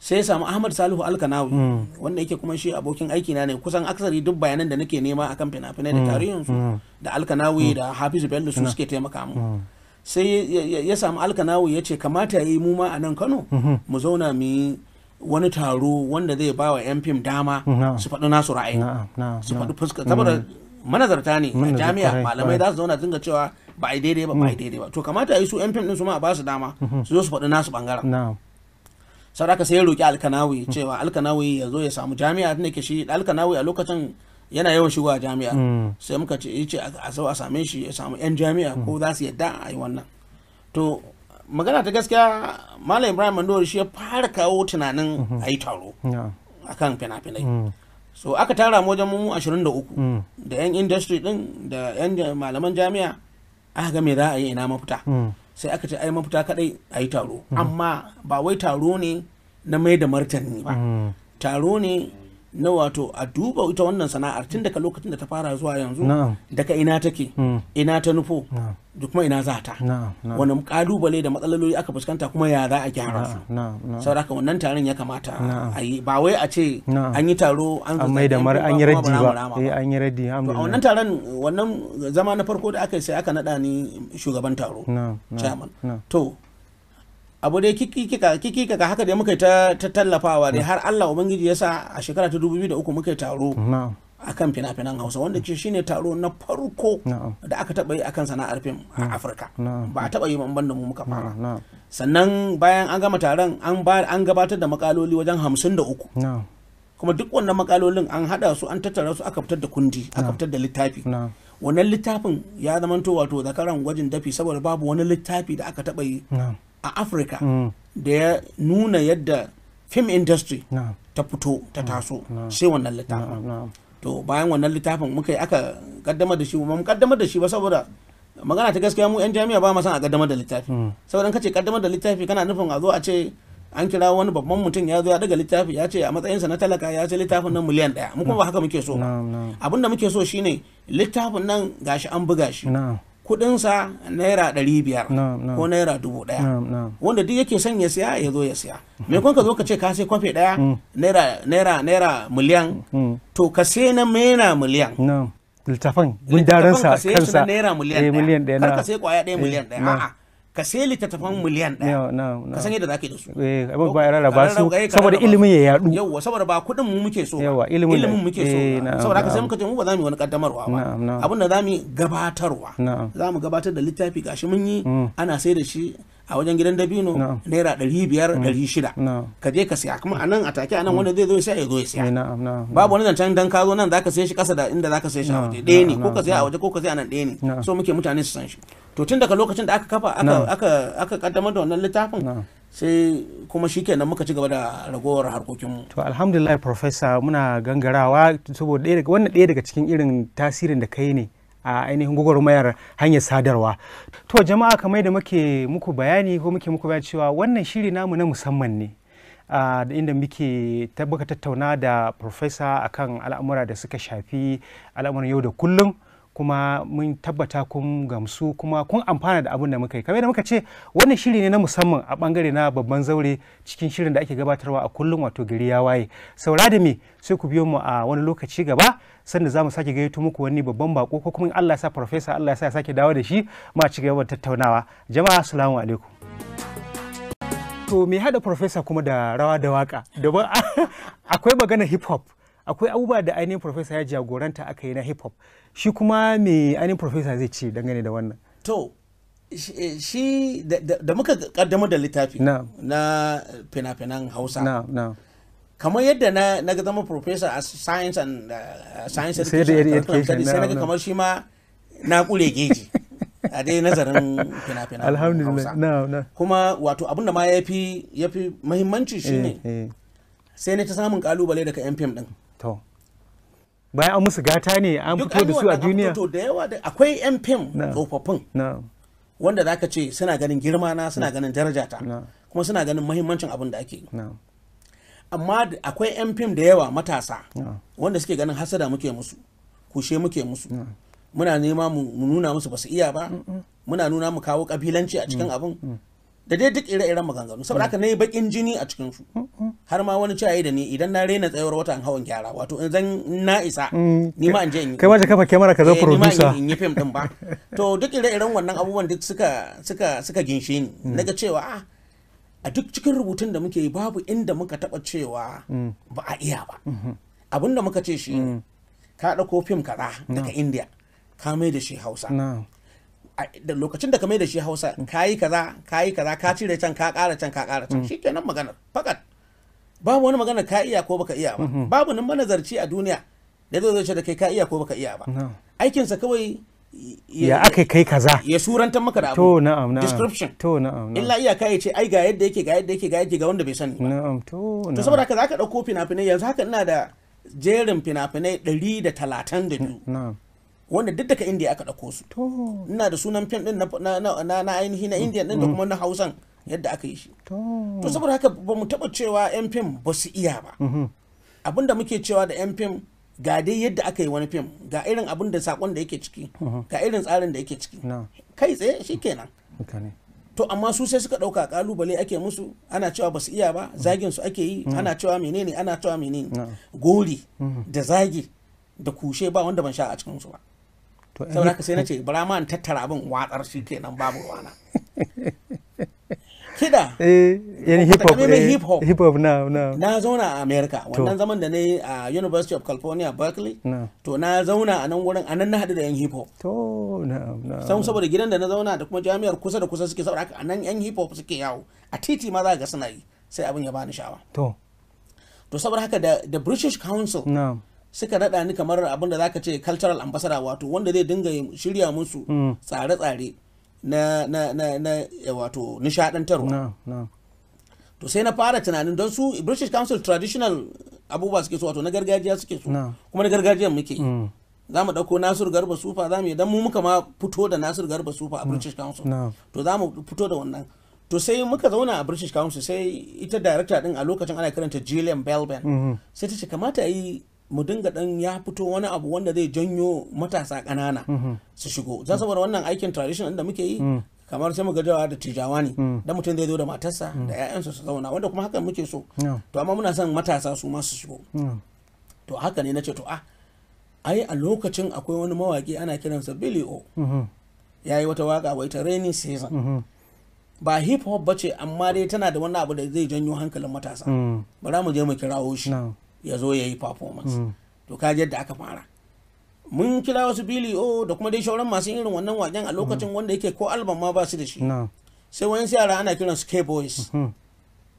sai ya samu ahmad salihu alkanawi hmm. wanda yake kuma shi abokin aiki na ne kusan aksari duk bayanan da nake nema akan fina-finai da hmm. su hmm. da alkanawi da hafizu bello su suke taimaka mu sai ya samu alkanawi ya ce kamata ya yi mu ma a nan kano mu zauna mu yi wani taro wanda zai ba wa 'yan fim dama su faɗi nasu ra'ayi su faɗi fuska saboda manazarta ne a jami'a malamai za su zauna dinga cewa ba a daidai ba ba a daidai ba to kamata yi su 'yan fim din su ma a ba su dama su zo su faɗi nasu bangaren saboda sai ya roki alkanawi cewa alkanawi ya zo ya samu jami'a da ke shi alkanawi a lokacin yana yawan shigowa jami'a mm. sai muka ce ya ce a sau a same shi ya samu yan jami'a ko za su yadda a yi wannan to magana ta gaskiya malam ibrahim mandori shi ya fara kawo tunanin mm-hmm. a yi taro akan fina-finai mm. so aka tara mu wajen mu 23 da yan mm. industry din da yan malaman jami'a aka ga me za a yi ina mafita sai aka ce ai mafita kadai a yi taro amma ba wai taro ne na mai da martani ba mm. taro ne na wato a duba ita wannan sana'ar tun daga lokacin da ta fara zuwa yanzu daga ina take hmm. ina ta nufo da kuma ina za ta wani kalubale da matsaloli aka fuskanta kuma ya za a gyara su saboda wannan taron ya kamata a yi ba wai a ce an yi taro an zai da mar an yi raddi ba eh an yi raddi a wannan taron wannan zama na farko da aka yi sai aka nada ni shugaban taro chairman to abu dai kiki ka haka da muka ta tallafawa dai har Allah ubangiji ya sa a shekara ta 2003 muka taro a kan fina-finan hausa wanda ke ne taro na farko da aka taɓa yi akan sana'ar fim a afirka ba a taɓa yi ban da mu muka fara sannan bayan an gama taron an gabatar da makaloli wajen hamsin da uku kuma duk wannan makalolin an haɗa su an tattara su aka fitar da kundi aka fitar da littafi wannan littafin ya to wato zakaran gwajin dafi saboda babu wani littafi da aka taba yi a afirka mm. da ya nuna yadda film industry ta fito ta taso sai wannan littafin to bayan wannan littafin muka yi aka kaddamar da shi ba mu kaddamar da shi ba saboda magana ta gaskiya mu yan jami'a ba mu san a kaddama da littafi mm. saboda in ce kaddamar da littafi kana nufin a zo a ce an kira wani babban mutum ya zo ya daga littafi ya ce a matsayinsa na talaka ya ce littafin nan miliyan ɗaya mu kuma ba haka muke so ba abinda muke so shine littafin nan gashi an buga shi kudinsa naira 500 biyar ko naira dubu ɗaya wanda duk yake son ya siya ya zo ya siya me kun ka zo ka ce ka sai kwafe ɗaya mm. naira naira naira miliyan mm. to ka sai na mena miliyan littafan gundaransa kansa naira miliyan daya eh, kar ka sai kwaya daya eh, miliyan daya a'a ka sai littattafan miliyan ɗaya ka san yadda za yi da su eh abin ba rarraba su eh, saboda ilimin ya yadu yawa saboda ba kuɗin mu muke so yawa ilimin muke so eh, saboda haka sai muka ce mu ba za mu yi wani kaddamarwa ba abin da za mu gabatarwa za mu gabatar da littafi gashi mun yi mm. ana sai da shi a wajen gidan dabino naira ɗari biyar mm. ɗari shida ka je ka siya kuma anan a take anan mm. wanda zai zo siya ya zo ya siya eh, babu wani zancen dan ka zo nan zaka sai shi ƙasa da inda zaka sai shi a waje ɗaya ne ko ka siya a waje ko ka siya a nan ɗaya ne so muke mutane su san shi to tun daga lokacin da aka kafa aka kaddamar da wannan littafin sai kuma shi kenan muka ci gaba da ragowar harkokinmu. To alhamdulillah Professor muna gangarawa saboda wannan ɗaya daga cikin irin tasirin da kai ne a ainihin gwagwarmayar hanyar sadarwa. To jama'a kamar da muke muku bayani ko muke muku bayani cewa wannan shiri namu na musamman ne. da inda muke tabbaka tattauna da profesa akan al'amura da suka shafi al'amuran yau da kullum kuma mun tabbata kun gamsu kuma kun amfana da abin da muka yi kamar da muka ce wannan shiri ne na musamman a bangare na babban zaure cikin shirin da ake gabatarwa a kullum wato gari ya waye saura da me sai ku biyo mu a wani lokaci gaba sanda za mu sake gayyato muku wani babban bako ko kuma in Allah ya sa professor Allah ya sa ya sake dawo da shi ma ci gaba tattaunawa jama'a assalamu alaikum to me hada professor kuma da rawa da waka da akwai magana hip hop akwai abubuwa da ainihin professor ya jagoranta aka yi na hip hop shi kuma me ainihin professor zai ce dangane da wannan to shi eh, da muka kaddamar da littafi na fina-finan hausa kamar yadda na ga zama professor a science and uh, science education sai naga kamar shi ma na kure geji a dai nazarin fina-finan alhamdulillah kuma wato abin da ma ya fi mahimmanci ne eh, eh. sai ne ta samun kalubale daga npm din to bayan an musu gata ne an fito da su a duniya da yawa da akwai yan fim tsofaffin wanda zaka ce suna ganin girma na suna ganin daraja ta kuma suna ganin muhimmancin abin da ake amma akwai yan fim da yawa matasa wanda suke ganin hasada muke musu kushe muke musu muna nema mu nuna musu ba su iya ba muna nuna mu kawo kabilanci a cikin mm. abin mm. da dai duk ire-iren maganganu saboda haka nayi bakin jini a cikin su har ma wani ciyayi da ni idan na rena tsayuwar watan hawan gyara wato in zan na isa ni ma an je in yi kai ma kafa kamera ka zo producer eh, ni ma in yi film din ba to duk ire-iren wannan abubuwan duk suka suka suka ginshe ni hmm. naga cewa a ah, a duk cikin rubutun da muke yi babu inda muka taba cewa hmm. ba a iya ba hmm. abinda muka ce shi ka dauko film kaza daga India ka mai da shi Hausa da lokacin da ka mai da shi hausa kayi kaza kayi kaza ka cire can ka kara can ka kara can mm-hmm. shikenan maganar fakat babu wani magana ka iya ko baka iya ba mm-hmm. babu nan manazarci a duniya da zai zai da kai ka iya ko baka iya ba aikinsa kawai ya aka kai kaza ya surantar maka da abu to na'am na'am description to na'am illa iya kai ce ai ga yadda yake ga yadda yake ga yadda ga wanda bai sani na'am to na'am to saboda haka zaka dauko fina-finai yanzu haka ina da jerin fina-finai 132 na'am wanda duk daga India aka ɗauko su ina da sunan fim din na ainihi na mm, indiya din da mm. kuma na hausan yadda aka yi shi to saboda haka ba mu taɓa cewa yan fim ba su iya ba mm-hmm. abinda muke cewa da yan fim ga dai yadda aka yi wani fim ga irin abin da sakon da yake ciki mm-hmm. ga irin tsarin da yake ciki kai tsaye kenan. to amma su sai suka dauka kalubale ake musu ana cewa ba su iya ba mm. zagin su ake yi ana cewa menene ana cewa menene gori mm-hmm. da zagi da kushe ba wanda ban sha a cikin su ba saboda sai na ce bara tattara abin watsar shi ke nan babu wana kida eh, yan eh, hip hop hip hop na na na zauna a America wannan zaman da ne a University of California Berkeley to na zauna a nan wurin a nan na hadu da yan hip hop to na na san saboda gidan da na zauna da kuma jami'ar kusa da kusa suke saboda a nan yan hip hop suke yawo a titi ma za ga suna yi sai abin ya bani sha'awa to to saboda haka da British Council na'am suka nada ni kamar abin da zaka ce cultural ambassador wato wanda zai dinga shirya musu hmm. tsare-tsare na na na na eh, wato nishadantarwa to sai na fara tunanin don su british council traditional abubuwa suke so wato na gargajiya suke so kuma na gargajiyan muke hmm. za mu ɗauko nasir garba sufa za mu yi mu muka ma fito da nasir garba sufa a hmm. british council to za mu fito da wannan to sai muka zauna a british council sai ita director din a lokacin ana karanta jillian belben sai ta ce kamata yi mu dinga dan ya fito wani abu wanda zai janyo matasa ƙanana mhm. su shigo za saboda wannan aikin tradition da muke yi mm. kamar sai mu jawa da tijawa ne mm. da mutum zai zo da matarsa mm. da ƴaƴansu su zauna wanda kuma hakan muke so to amma muna son matasa su ma su shigo to haka ne na ce to a ah, ai a lokacin akwai wani mawaki ana kiransa Billy O mm-hmm. ya yi wata waka wai ta rainy season mm-hmm. ba hip hop ba ce amma dai tana da wani abu da zai janyo hankalin matasa bara mu je mu kirawo shi ya zo ya yi performance mm. to ka yadda aka fara mun kira wasu bili o da kuma dai shauran masu irin wannan waken a lokacin mm. wanda yake ko album ma ba su da shi sai wani yara ana kiran su k-boys mm-hmm.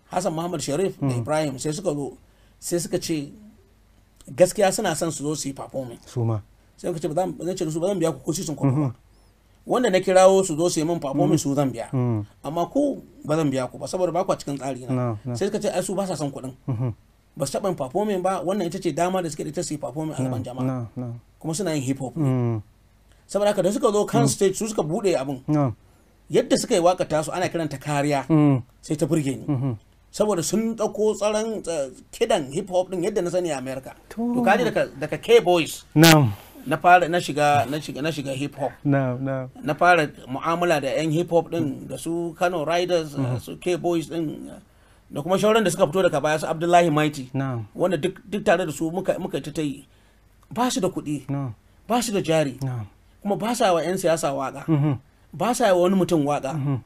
hassan muhammad sharif da mm. ibrahim sai suka zo sai suka ce gaskiya suna son su zo su yi performance sai suka ce ba zan ce su ba zan biya ku ko sisin kuma mm-hmm. wanda na kirawo su zo su yi min performance mm-hmm. su zan biya amma ku ba zan biya ku ba saboda ba ku a cikin tsari na sai suka ce ai su ba sa son kuɗin ba su taɓa performing ba wannan ita ce dama da suke da ita su yi performing a gaban jama'a kuma suna yin hip hop mm. saboda haka da suka zo kan mm. stage su suka buɗe abin yadda suka yi waka tasu ana kiranta kariya mm. sai ta burge ni mm-hmm. saboda sun ɗauko tsaron kidan hip hop din yadda na sani a america to kaji daga k boys na fara na shiga na shiga na shiga hip hop na fara mu'amala da yan hip hop din da su Kano Riders mm-hmm. su K Boys din da kuma shauran da suka fito daga baya su abdullahi maiti wanda duk tare da su muka ta ta yi ba su da kuɗi ba su da jari kuma ba sa wa 'yan siyasa waka mhm. ba sa wa wani mutum waka mhm.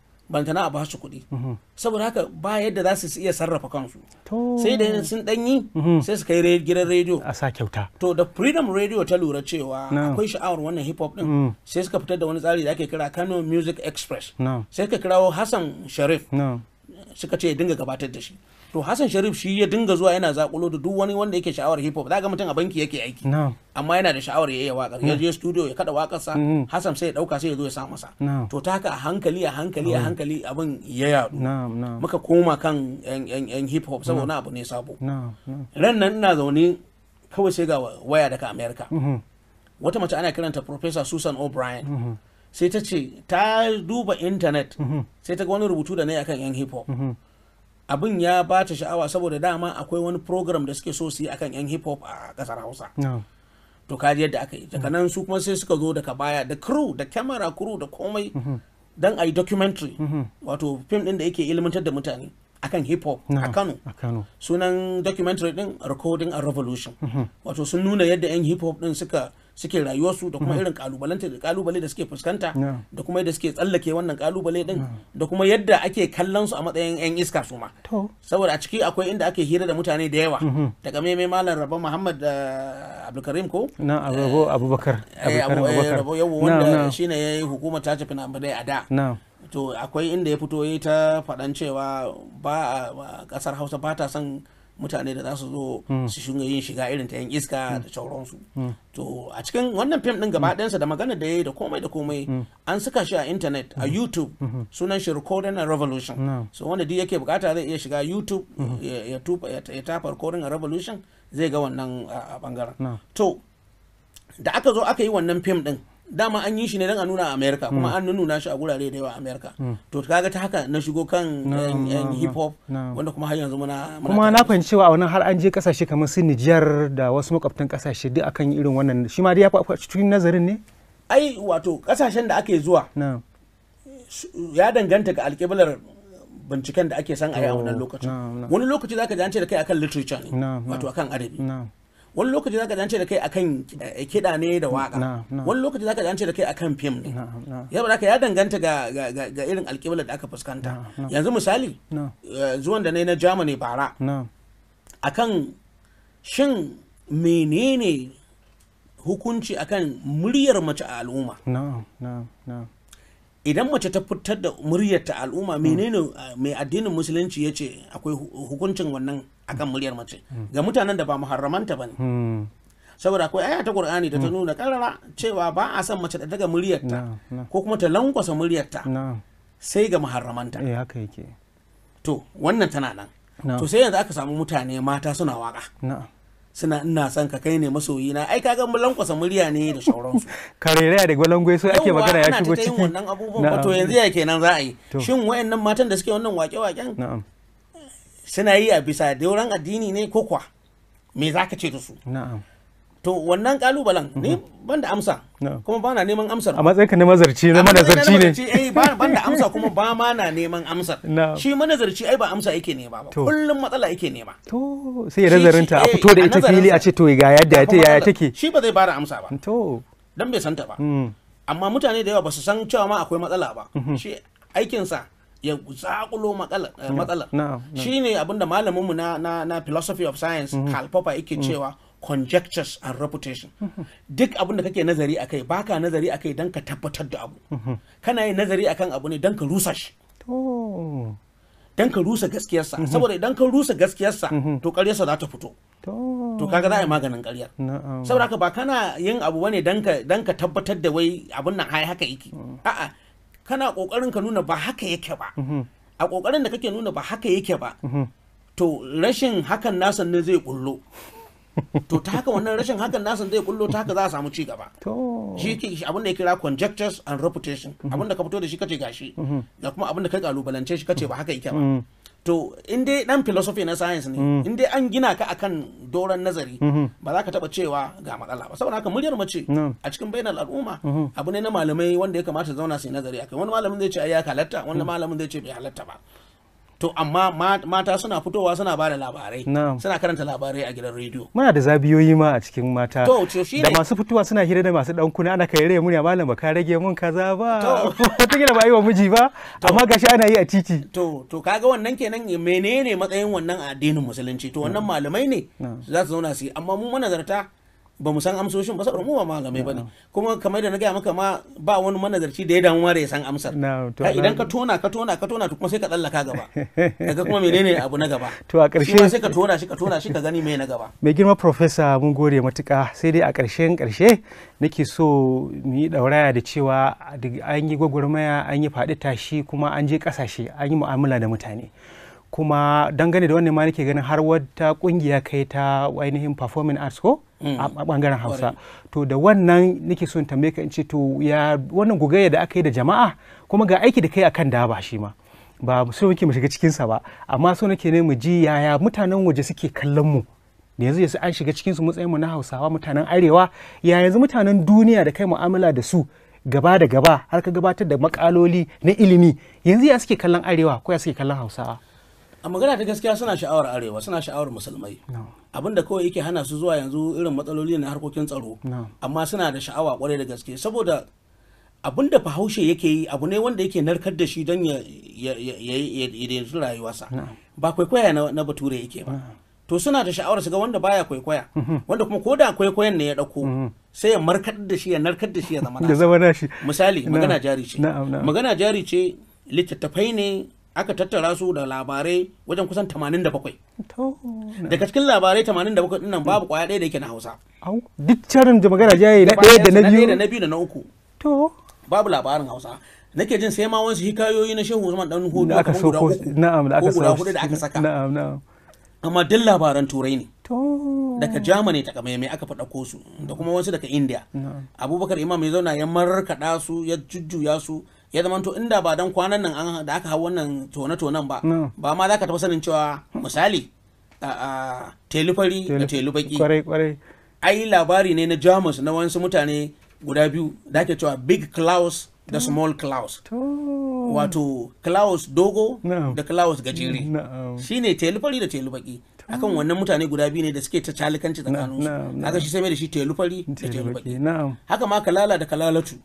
na a ba su kuɗi mhm. saboda haka ba yadda za su iya sarrafa kansu sai da sun ɗanyi sai su kai gidan rediyo a sa kyauta to da freedom radio ta lura cewa akwai sha'awar wannan hip hop din mm. sai suka fitar da wani tsari da ake kira kano music express sai ka kirawo hassan sharif suka ce ya dinga gabatar da shi to Hassan Sharif shi ya dinga zuwa yana zakulo da duk wani wanda yake sha'awar hip hop ga mutum a banki yake aiki amma yana da sha'awar yayi wakar ya je studio ya kada wakar sa mm-hmm. Hassan sai ya dauka sai ya zo ya sa masa to ta haka a hankali a hankali a hankali abin ya yadu muka koma kan yan hip hop saboda abu ne sabo ran nan ina zaune kawai sai ga waya daga America mm-hmm. wata mace ana kiranta Professor Susan O'Brien mm-hmm. sai ta ce ta duba intanet sai ta ga wani rubutu da na yi akan yan hip hop abin ya ba ta sha'awa saboda dama akwai wani program da suke so su yi akan yan hip hop a kasar hausa to kaji yadda aka yi daga nan su kuma sai suka zo daga baya da crew da camera crew da komai dan a yi documentary wato fim din da yake ilmantar da mutane akan hip hop a Kano sunan documentary din recording a revolution wato sun nuna yadda yan hip hop din suka suke rayuwarsu da kuma mhm. irin kalubalanta da kalubale da suke fuskanta da kuma yadda suke tsallake wannan kalubale din da kuma yadda ake kallon su a matsayin yan iska su ma saboda a ciki akwai inda ake hira da mutane da yawa mhm. daga meme malam rabo muhammad eh, abdulkarim ko na eh, eh, abubakar abubakar rabo yawo wanda shine ya yi hukumar ta tafi na a da to akwai inda ya fito ya ta faɗan cewa ba a ƙasar hausa ba ta son mutane da za su zo hmm. su shiga yin shiga irin ta yan iska hmm. da sauransu hmm. to a cikin wannan fim din gaba ɗansa da magana da ya yi da komai da komai an suka shi a intanet a youtube sunan shi recording a revolution so wanda duk yake bukata zai iya shiga youtube ya tafa recording a revolution zai ga wannan a bangaren to da aka zo aka yi wannan fim din dama an yi shi ne don a nuna a Amerika. kuma mm. an nuna shi a gurare da yawa a Amerika. Mm. to kaga ta haka na shigo kan hip hop wanda kuma har yanzu muna kuma na fahimci cewa a wannan har an je kasashe kamar su Nijar da wasu makwabtan kasashe duk akan irin wannan shi ma dai ya fa cikin nazarin ne ai wato kasashen da ake zuwa ya danganta ga alƙiblar binciken da ake san a yi a oh, wannan lokacin wani lokaci zaka ji an ce da kai akan literature ne wato akan adabi wani lokaci zaka dance da kai akan eh, kiɗa ne da waka wani lokaci zaka dance da kai akan fim ne ya da ya danganta ga ga irin alƙibla da aka fuskanta yanzu misali eh, zuwan da na na Germany bara akan shin menene hukunci akan muryar mace a al'umma idan mace ta fitar da muryarta al'umma hmm. menene uh, mai addinin musulunci ya ce akwai hukuncin wannan akan muryar mace hmm. ga mutanen da ba muharramanta ba ne hmm. saboda akwai aya ta qur'ani da ta nuna karara cewa ba a son mace ta daga muryarta ko kuma ta lankwasa muryarta sai ga muharramanta eh haka yake to wannan tana nan to sai yanzu aka samu mutane mata suna waka na'am suna ina son ka kai ne masoyi na ai kaga mu lankwasa murya ne da sauransu karere da gwalangwai su ake magana ya shigo ciki wannan abubuwan to yanzu ya kenan za a yi shin wayannan matan da suke wannan wake-waken suna yi a bisa dauran addini ne ko kwa me zaka ce da su na'am to wannan kalubalen ni mhm. ban da amsa kuma ba na neman amsar a matsayin ka na mazarci na manazarci ne eh, ban da amsa kuma ba ma na neman amsar shi manazarci ai ba amsa yake nema ba kullum matsala yake nema to sai ya nazarinta a eh, fito da ita fili a ce to ga yadda ta yaya take shi ba zai bada amsa ba to dan bai santa ba mm. amma mutane da yawa ba su san cewa ma akwai matsala ba mhm. shi aikinsa ya zakulo eh, matsalar shi ne abinda malaminmu na philosophy of science mhm. karl popper yake mm. cewa conjectures and reputation duk abin da kake nazari akai baka nazari akai don ka tabbatar da abu kana yin nazari akan abu ne don ka rusa shi don ka rusa gaskiyarsa mhm. saboda idan ka rusa gaskiyarsa mhm. to karyarsa za ta fito to kaga za a yi maganin karyar saboda haka ba kana yin abu bane don ka tabbatar da wai abun nan hai haka yake mm. a'a kana kokarin ka nuna ba haka yake ba mhm. a kokarin da kake nuna ba haka yake ba to rashin hakan nasan ne zai kullo to ta haka wannan rashin hakan nasan zai kullo ta haka za a samu ci gaba shi ke abin da ya kira conjectures and reputation mhm. abin da ka fito da shi kace gashi da mhm. kuma abin da ka kalubalance shi kace ba haka yake ba mhm. to in dai dan philosophy na science ne in dai an gina ka akan doron nazari ba za ka taba cewa ga matsala ba saboda haka muryar mace a cikin bainar al'umma abu ne na malamai wanda ya kamata zauna su nazari akai wani malamin zai ce ai ya halatta wani malamin zai ce bai halatta ba to amma mata suna fitowa suna ba da labarai suna karanta labarai a gidan rediyo muna da zabiyoyi ma a cikin mata to da masu fitowa suna hira da masu dan kuna ana kai rai muni lamba ka rage mun kaza ba To. wataƙila ba yi wa miji ba amma gashi ana yi a titi to to kaga wannan kenan menene matsayin wannan addinin musulunci to wannan malamai ne za su zauna su yi amma mun manazarta ba mu san amsoshin ba saboda mu ba malamai ne kuma kamar da na gaya maka ma ba wani manazarci da ya damu ma da ya san amsar idan ka tona ka tona ka tona to kuma sai ka tsallaka gaba kaga kuma menene abu na gaba to a ƙarshe sai ka tona shi ka tona shi ka gani me na gaba mai girma professor mun gode matuƙa sai dai a ƙarshen ƙarshe nake so mu yi dauraya da cewa an yi gwagwarmaya an yi faɗi tashi kuma an je ƙasashe an yi mu'amala da mutane kuma dangane da wannan ma nake ganin har wata kungiya kai ta ainihin performing arts ko Mm. a bangaren hausa to da wannan nake son tambaye ka in ce to ya wannan gogayya da aka yi da jama'a kuma ga aiki da kai akan da ba shi ma ba so muke mu shiga cikinsa ba amma so nake ne mu ji yaya mutanen waje suke kallon mu da yanzu yasa an shiga cikinsu matsayin mu na hausawa mutanen arewa ya yanzu mutanen duniya da kai mu'amala da su gaba da gaba har ka gabatar da makaloli na ilimi yanzu ya suke kallon arewa ko ya suke kallon hausawa a magana ta gaskiya suna sha'awar arewa suna sha'awar musulmai abin da kawai yake hana su zuwa yanzu irin matsaloli na harkokin tsaro amma suna da sha'awa kwarai da gaske saboda abin da fahaushe yake yi abu ne wanda yake narkar da shi don ya yanzu rayuwarsa ba kwaikwaya na bature yake ba to suna da sha'awar su ga wanda baya kwaikwaya mhm. wanda kuma koda kwaikwayon ne ya dauko mhm. sai ya markar da shi ya narkar da shi ya zama nashi misali magana jari ce magana jari ce littattafai ne aka tattara su da labarai wajen kusan 87 daga cikin labarai 87 nan babu kwaya ɗaya da yake na hausa duk charin da magana jaye na ɗaya da na biyu da na biyu da na uku to babu labarin hausa nake jin sai ma wasu hikayoyi na shehu zaman dan hudu da aka soko na'am da aka da aka saka na'am na'am amma duk labaran turai ne daga germany ta mai aka fada ko su da kuma wasu daga india abubakar imam ya zauna ya markaɗa su ya jujjuya su ya zama to inda ba dan kwanan nan da aka hau wannan tone-tonen ba ba ma za ka sanin cewa misali a telufari da telubaki ai labari ne na jamus na wasu mutane guda biyu da ake cewa big klaus da small clouds wato clouds dogo da clouds gajere Shi ne telufari da telubaki akan wannan mutane guda biyu ne da suke ta calikanci tsakanin su haka shi sai da shi telufari da telubaki haka ma kalala da kalalatu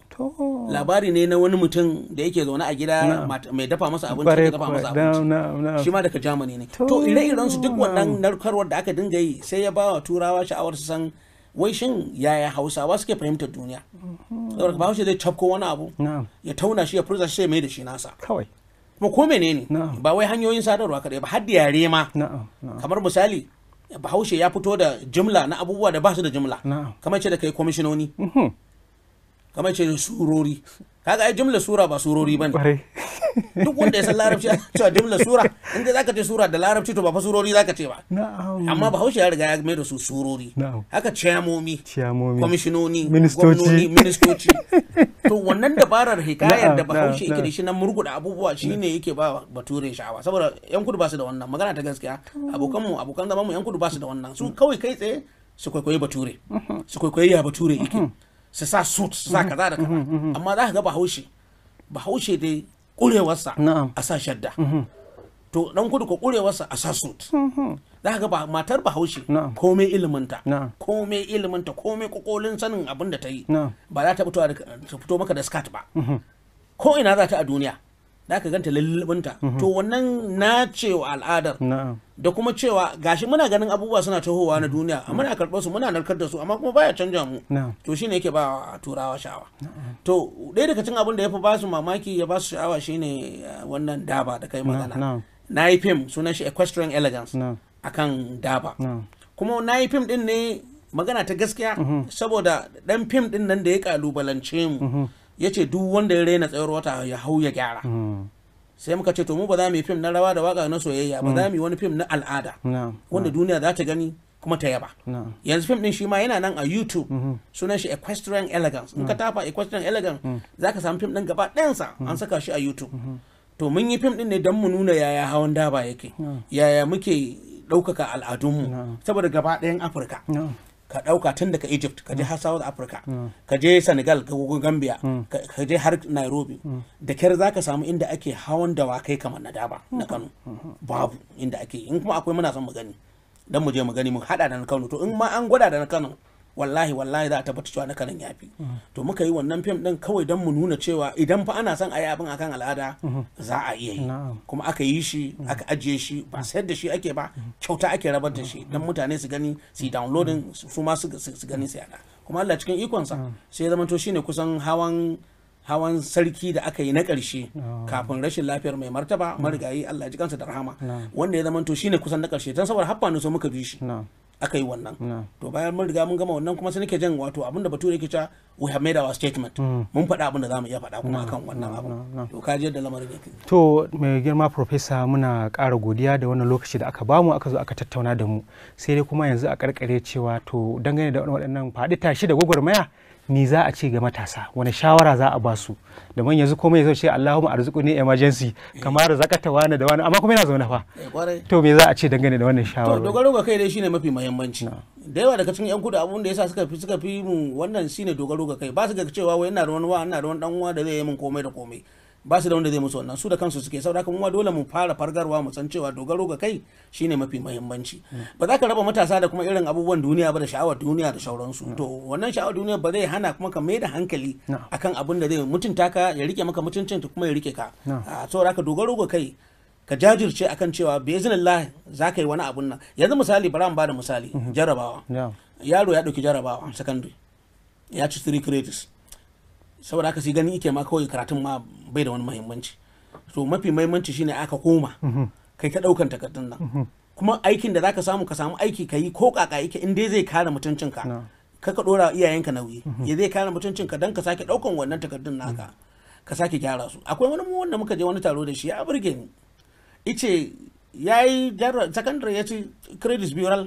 labari ne na wani mutum da yake zaune a gida mai dafa masa abinci da dafa masa abinci shi ma daga germany ne to ire-iren su duk wannan narkarwar da aka dinga yi sai ya ba wa turawa sha'awar su san wai shin yaya hausawa suke fahimtar duniya saboda bahaushe zai cafko wani abu ya tauna shi ya furza shi sai mai da shi nasa kawai kuma ko menene ba wai hanyoyin sadarwa kadai ba har da yare ma kamar misali bahaushe ya fito da jimla na abubuwa da ba su da jimla kamar ce da kai kwamishinoni mhm. kamar ce surori kaga ai jumla sura ba surori bane duk wanda ya san larabci a cewa jumla sura in dai zaka ce sura da larabci to ba fa surori zaka ce ba amma bahaushe ya riga ya mai da su surori haka ciyamomi kwamishinoni gwamnoni ministoci to wannan dabarar hikayar da bahaushe yake da shi na murguda abubuwa shine yake ba bature sha'awa saboda yan kudu ba su da wannan magana ta gaskiya abokan mu abokan zaman mu yan kudu ba su da wannan su kawai kai tsaye su kwaikwayi bature mhm. su kwaikwayi ya bature yake mhm. su sa suit su sa mhm, kaza da kaza mhm, mhm. amma za ka ga bahaushe bahaushe dai kurewarsa a sa shadda to dan kudu ko kurewarsa a sa suit za ka ga matar bahaushe komai iliminta komai iliminta komai kokolin sanin abin da ta yi ba za ta fito maka da skat ba ko ina za ta a duniya da ka ganta lullubinta mhm. to wannan na cewa al'adar da kuma cewa gashi muna ganin abubuwa suna tahowa na duniya muna karɓar su muna narkar da su amma kuma baya canja mu to shine yake ba turawa sha'awa to ɗaya daga cikin abin da ya fi ba su mamaki ya ba su sha'awa shine eh, wannan daba da kai magana na yi fim sunan shi equestrian elegance akan daba kuma na yi fim din ne magana ta gaskiya mhm. saboda dan fim din nan da ya kalubalance mu mhm. ya ce duk wanda ya raina tsayar wata ya hau ya gyara sai muka ce to mu ba za mu yi fim na rawa da waka na soyayya ba za mu yi wani fim na al'ada wanda duniya za ta gani kuma ta yaba yanzu fim din shi ma yana nan a youtube mhm. sunan shi equestrian elegance in ka tafa equestrian elegance mhm. za ka samu fim din gaba ɗayansa an mhm. saka shi a youtube to mun yi fim din ne don mu nuna yaya hawan daba yake yaya muke ɗaukaka al'adunmu saboda gaba ɗayan afirka ka ɗauka tun daga egypt ka je mm. har south africa mm. ka je senegal ka gambia mm. ka je har nairobi da kyar za ka samu inda ake hawan dawakai kamar na daba na kano babu inda ake in kuma akwai muna son mu gani dan mu je mu gani mu hada da na kano to in ma an gwada da na kano wallahi wallahi za a tabbata cewa na karin yafi mm. to muka yi wannan fim din kawai don mu nuna cewa idan fa ana son a yi abin akan al'ada mm-hmm. za a iya yi kuma aka yi shi mm. aka ajiye shi ba mm. sayar da shi ake ba kyauta ake rabar da shi don mutane su gani su yi downloadin su ma su gani su yada kuma Allah cikin ikonsa sai ya zama to shine kusan hawan hawan sarki da aka yi na ƙarshe kafin rashin lafiyar mai martaba marigayi Allah ji kansa da rahama wanda ya zama zamanto shine kusan na ƙarshe don saboda haffa ne so muka bi shi aka yi wannan to bayan mun riga mun gama wannan kuma sai nake jan wato abin da bature yake cewa we have made our statement mm. mun faɗa abin da zamu iya faɗa kuma akan wannan abu to ka ji da lamarin yake to mai girma professor muna ƙara godiya da wannan lokaci da aka bamu aka zo aka tattauna da mu sai dai kuma yanzu a karkare cewa to dangane da waɗannan faɗi tashi da gwagwarmaya ni za a ce ga matasa wani shawara za a ba su da man yanzu komai ya ce Allahumma arzuku ne emergency eh. kamar da zakata wani da wani amma kuma yana zaune fa eh, to me za a ce dangane da wannan shawara to dogaro ga kai dai shine mafi muhimmanci da yawa daga cikin yan kudu abun da yasa suka fi suka fi mu wannan shine dogaro ga kai ba su ga cewa wai ina da wani wa ina da wani dan uwa da zai yi min komai da komai ba su da wanda zai musu wannan su da kansu suke saboda kuma dole mu fara fargarwa mu san cewa dogaro ga kai shine mafi muhimmanci ba za ka raba matasa da kuma irin abubuwan duniya ba da sha'awar duniya da sauransu to wannan sha'awar duniya ba zai hana kuma ka maida hankali akan abin da zai mutunta ka ya rike maka mutuncin kuma ya rike ka saboda ka dogaro ga kai ka jajirce akan cewa biiznillah za ka yi wani abun nan yanzu misali bara mu bada misali mhm. jarabawa yaro ya dauki jarabawa secondary ya ci three credits saboda haka sai ganin ike ma kawai karatun ma bai da wani mahimmanci so mafi mahimmanci shine aka koma mhm. kai ta daukan takardun nan mhm. kuma aikin da zaka samu ka samu aiki ka yi ko kaka yake in dai zai kare mutuncinka kaka dora iyayenka nauyi mhm. ya zai kare mutuncinka dan ka sake daukan wannan takardun naka ka sake gyara su akwai wani mu wanda muka je wani taro da shi ya burge ni ice yayi secondary ya ci credit bureau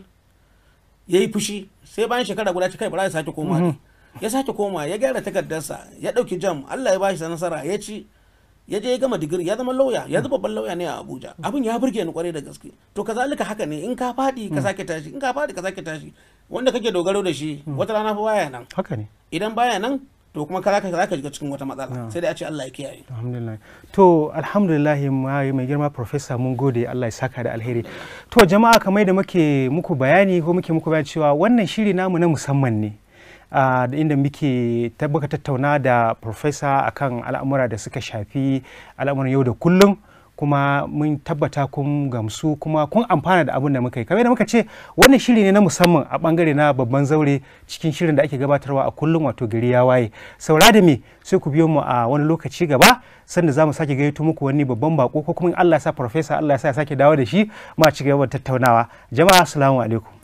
yayi fushi sai bayan shekara guda ta kai ba za sake komawa ya sake koma ya gyara takardarsa ya ɗauki jam Allah ya bashi nasara ya ci ya je ya gama digiri ya zama lauya ya zama babban lauya ne a Abuja abin ya burge ni kwarai da gaske to kazalika haka ne in ka fadi ka hmm. sake tashi in ka fadi ka sake tashi wanda kake dogaro da shi hmm. wata rana fa baya nan haka ne idan baya nan to kuma ka zaka zaka shiga cikin wata matsala hmm. sai dai a ce Allah ya kiyaye alhamdulillah to alhamdulillah mai girma professor mun gode Allah ya saka da alheri to jama'a kamar da muke muku bayani ko muke muku bayani cewa wannan shiri namu na musamman ne da inda muke tabbaka tattauna da profesa akan al'amura da suka shafi al'amuran yau da kullum kuma mun tabbata kun gamsu kuma kun amfana da abin da muka yi kamar da muka ce wannan shiri ne na musamman a bangare na babban zaure cikin shirin da ake gabatarwa a kullum wato gari ya waye saura da me sai ku biyo mu a wani lokaci gaba sanda za mu sake gayyato muku wani babban bako ko kuma in Allah ya sa profesa Allah ya sa ya sake dawo da shi ma ci gaba tattaunawa jama'a assalamu alaikum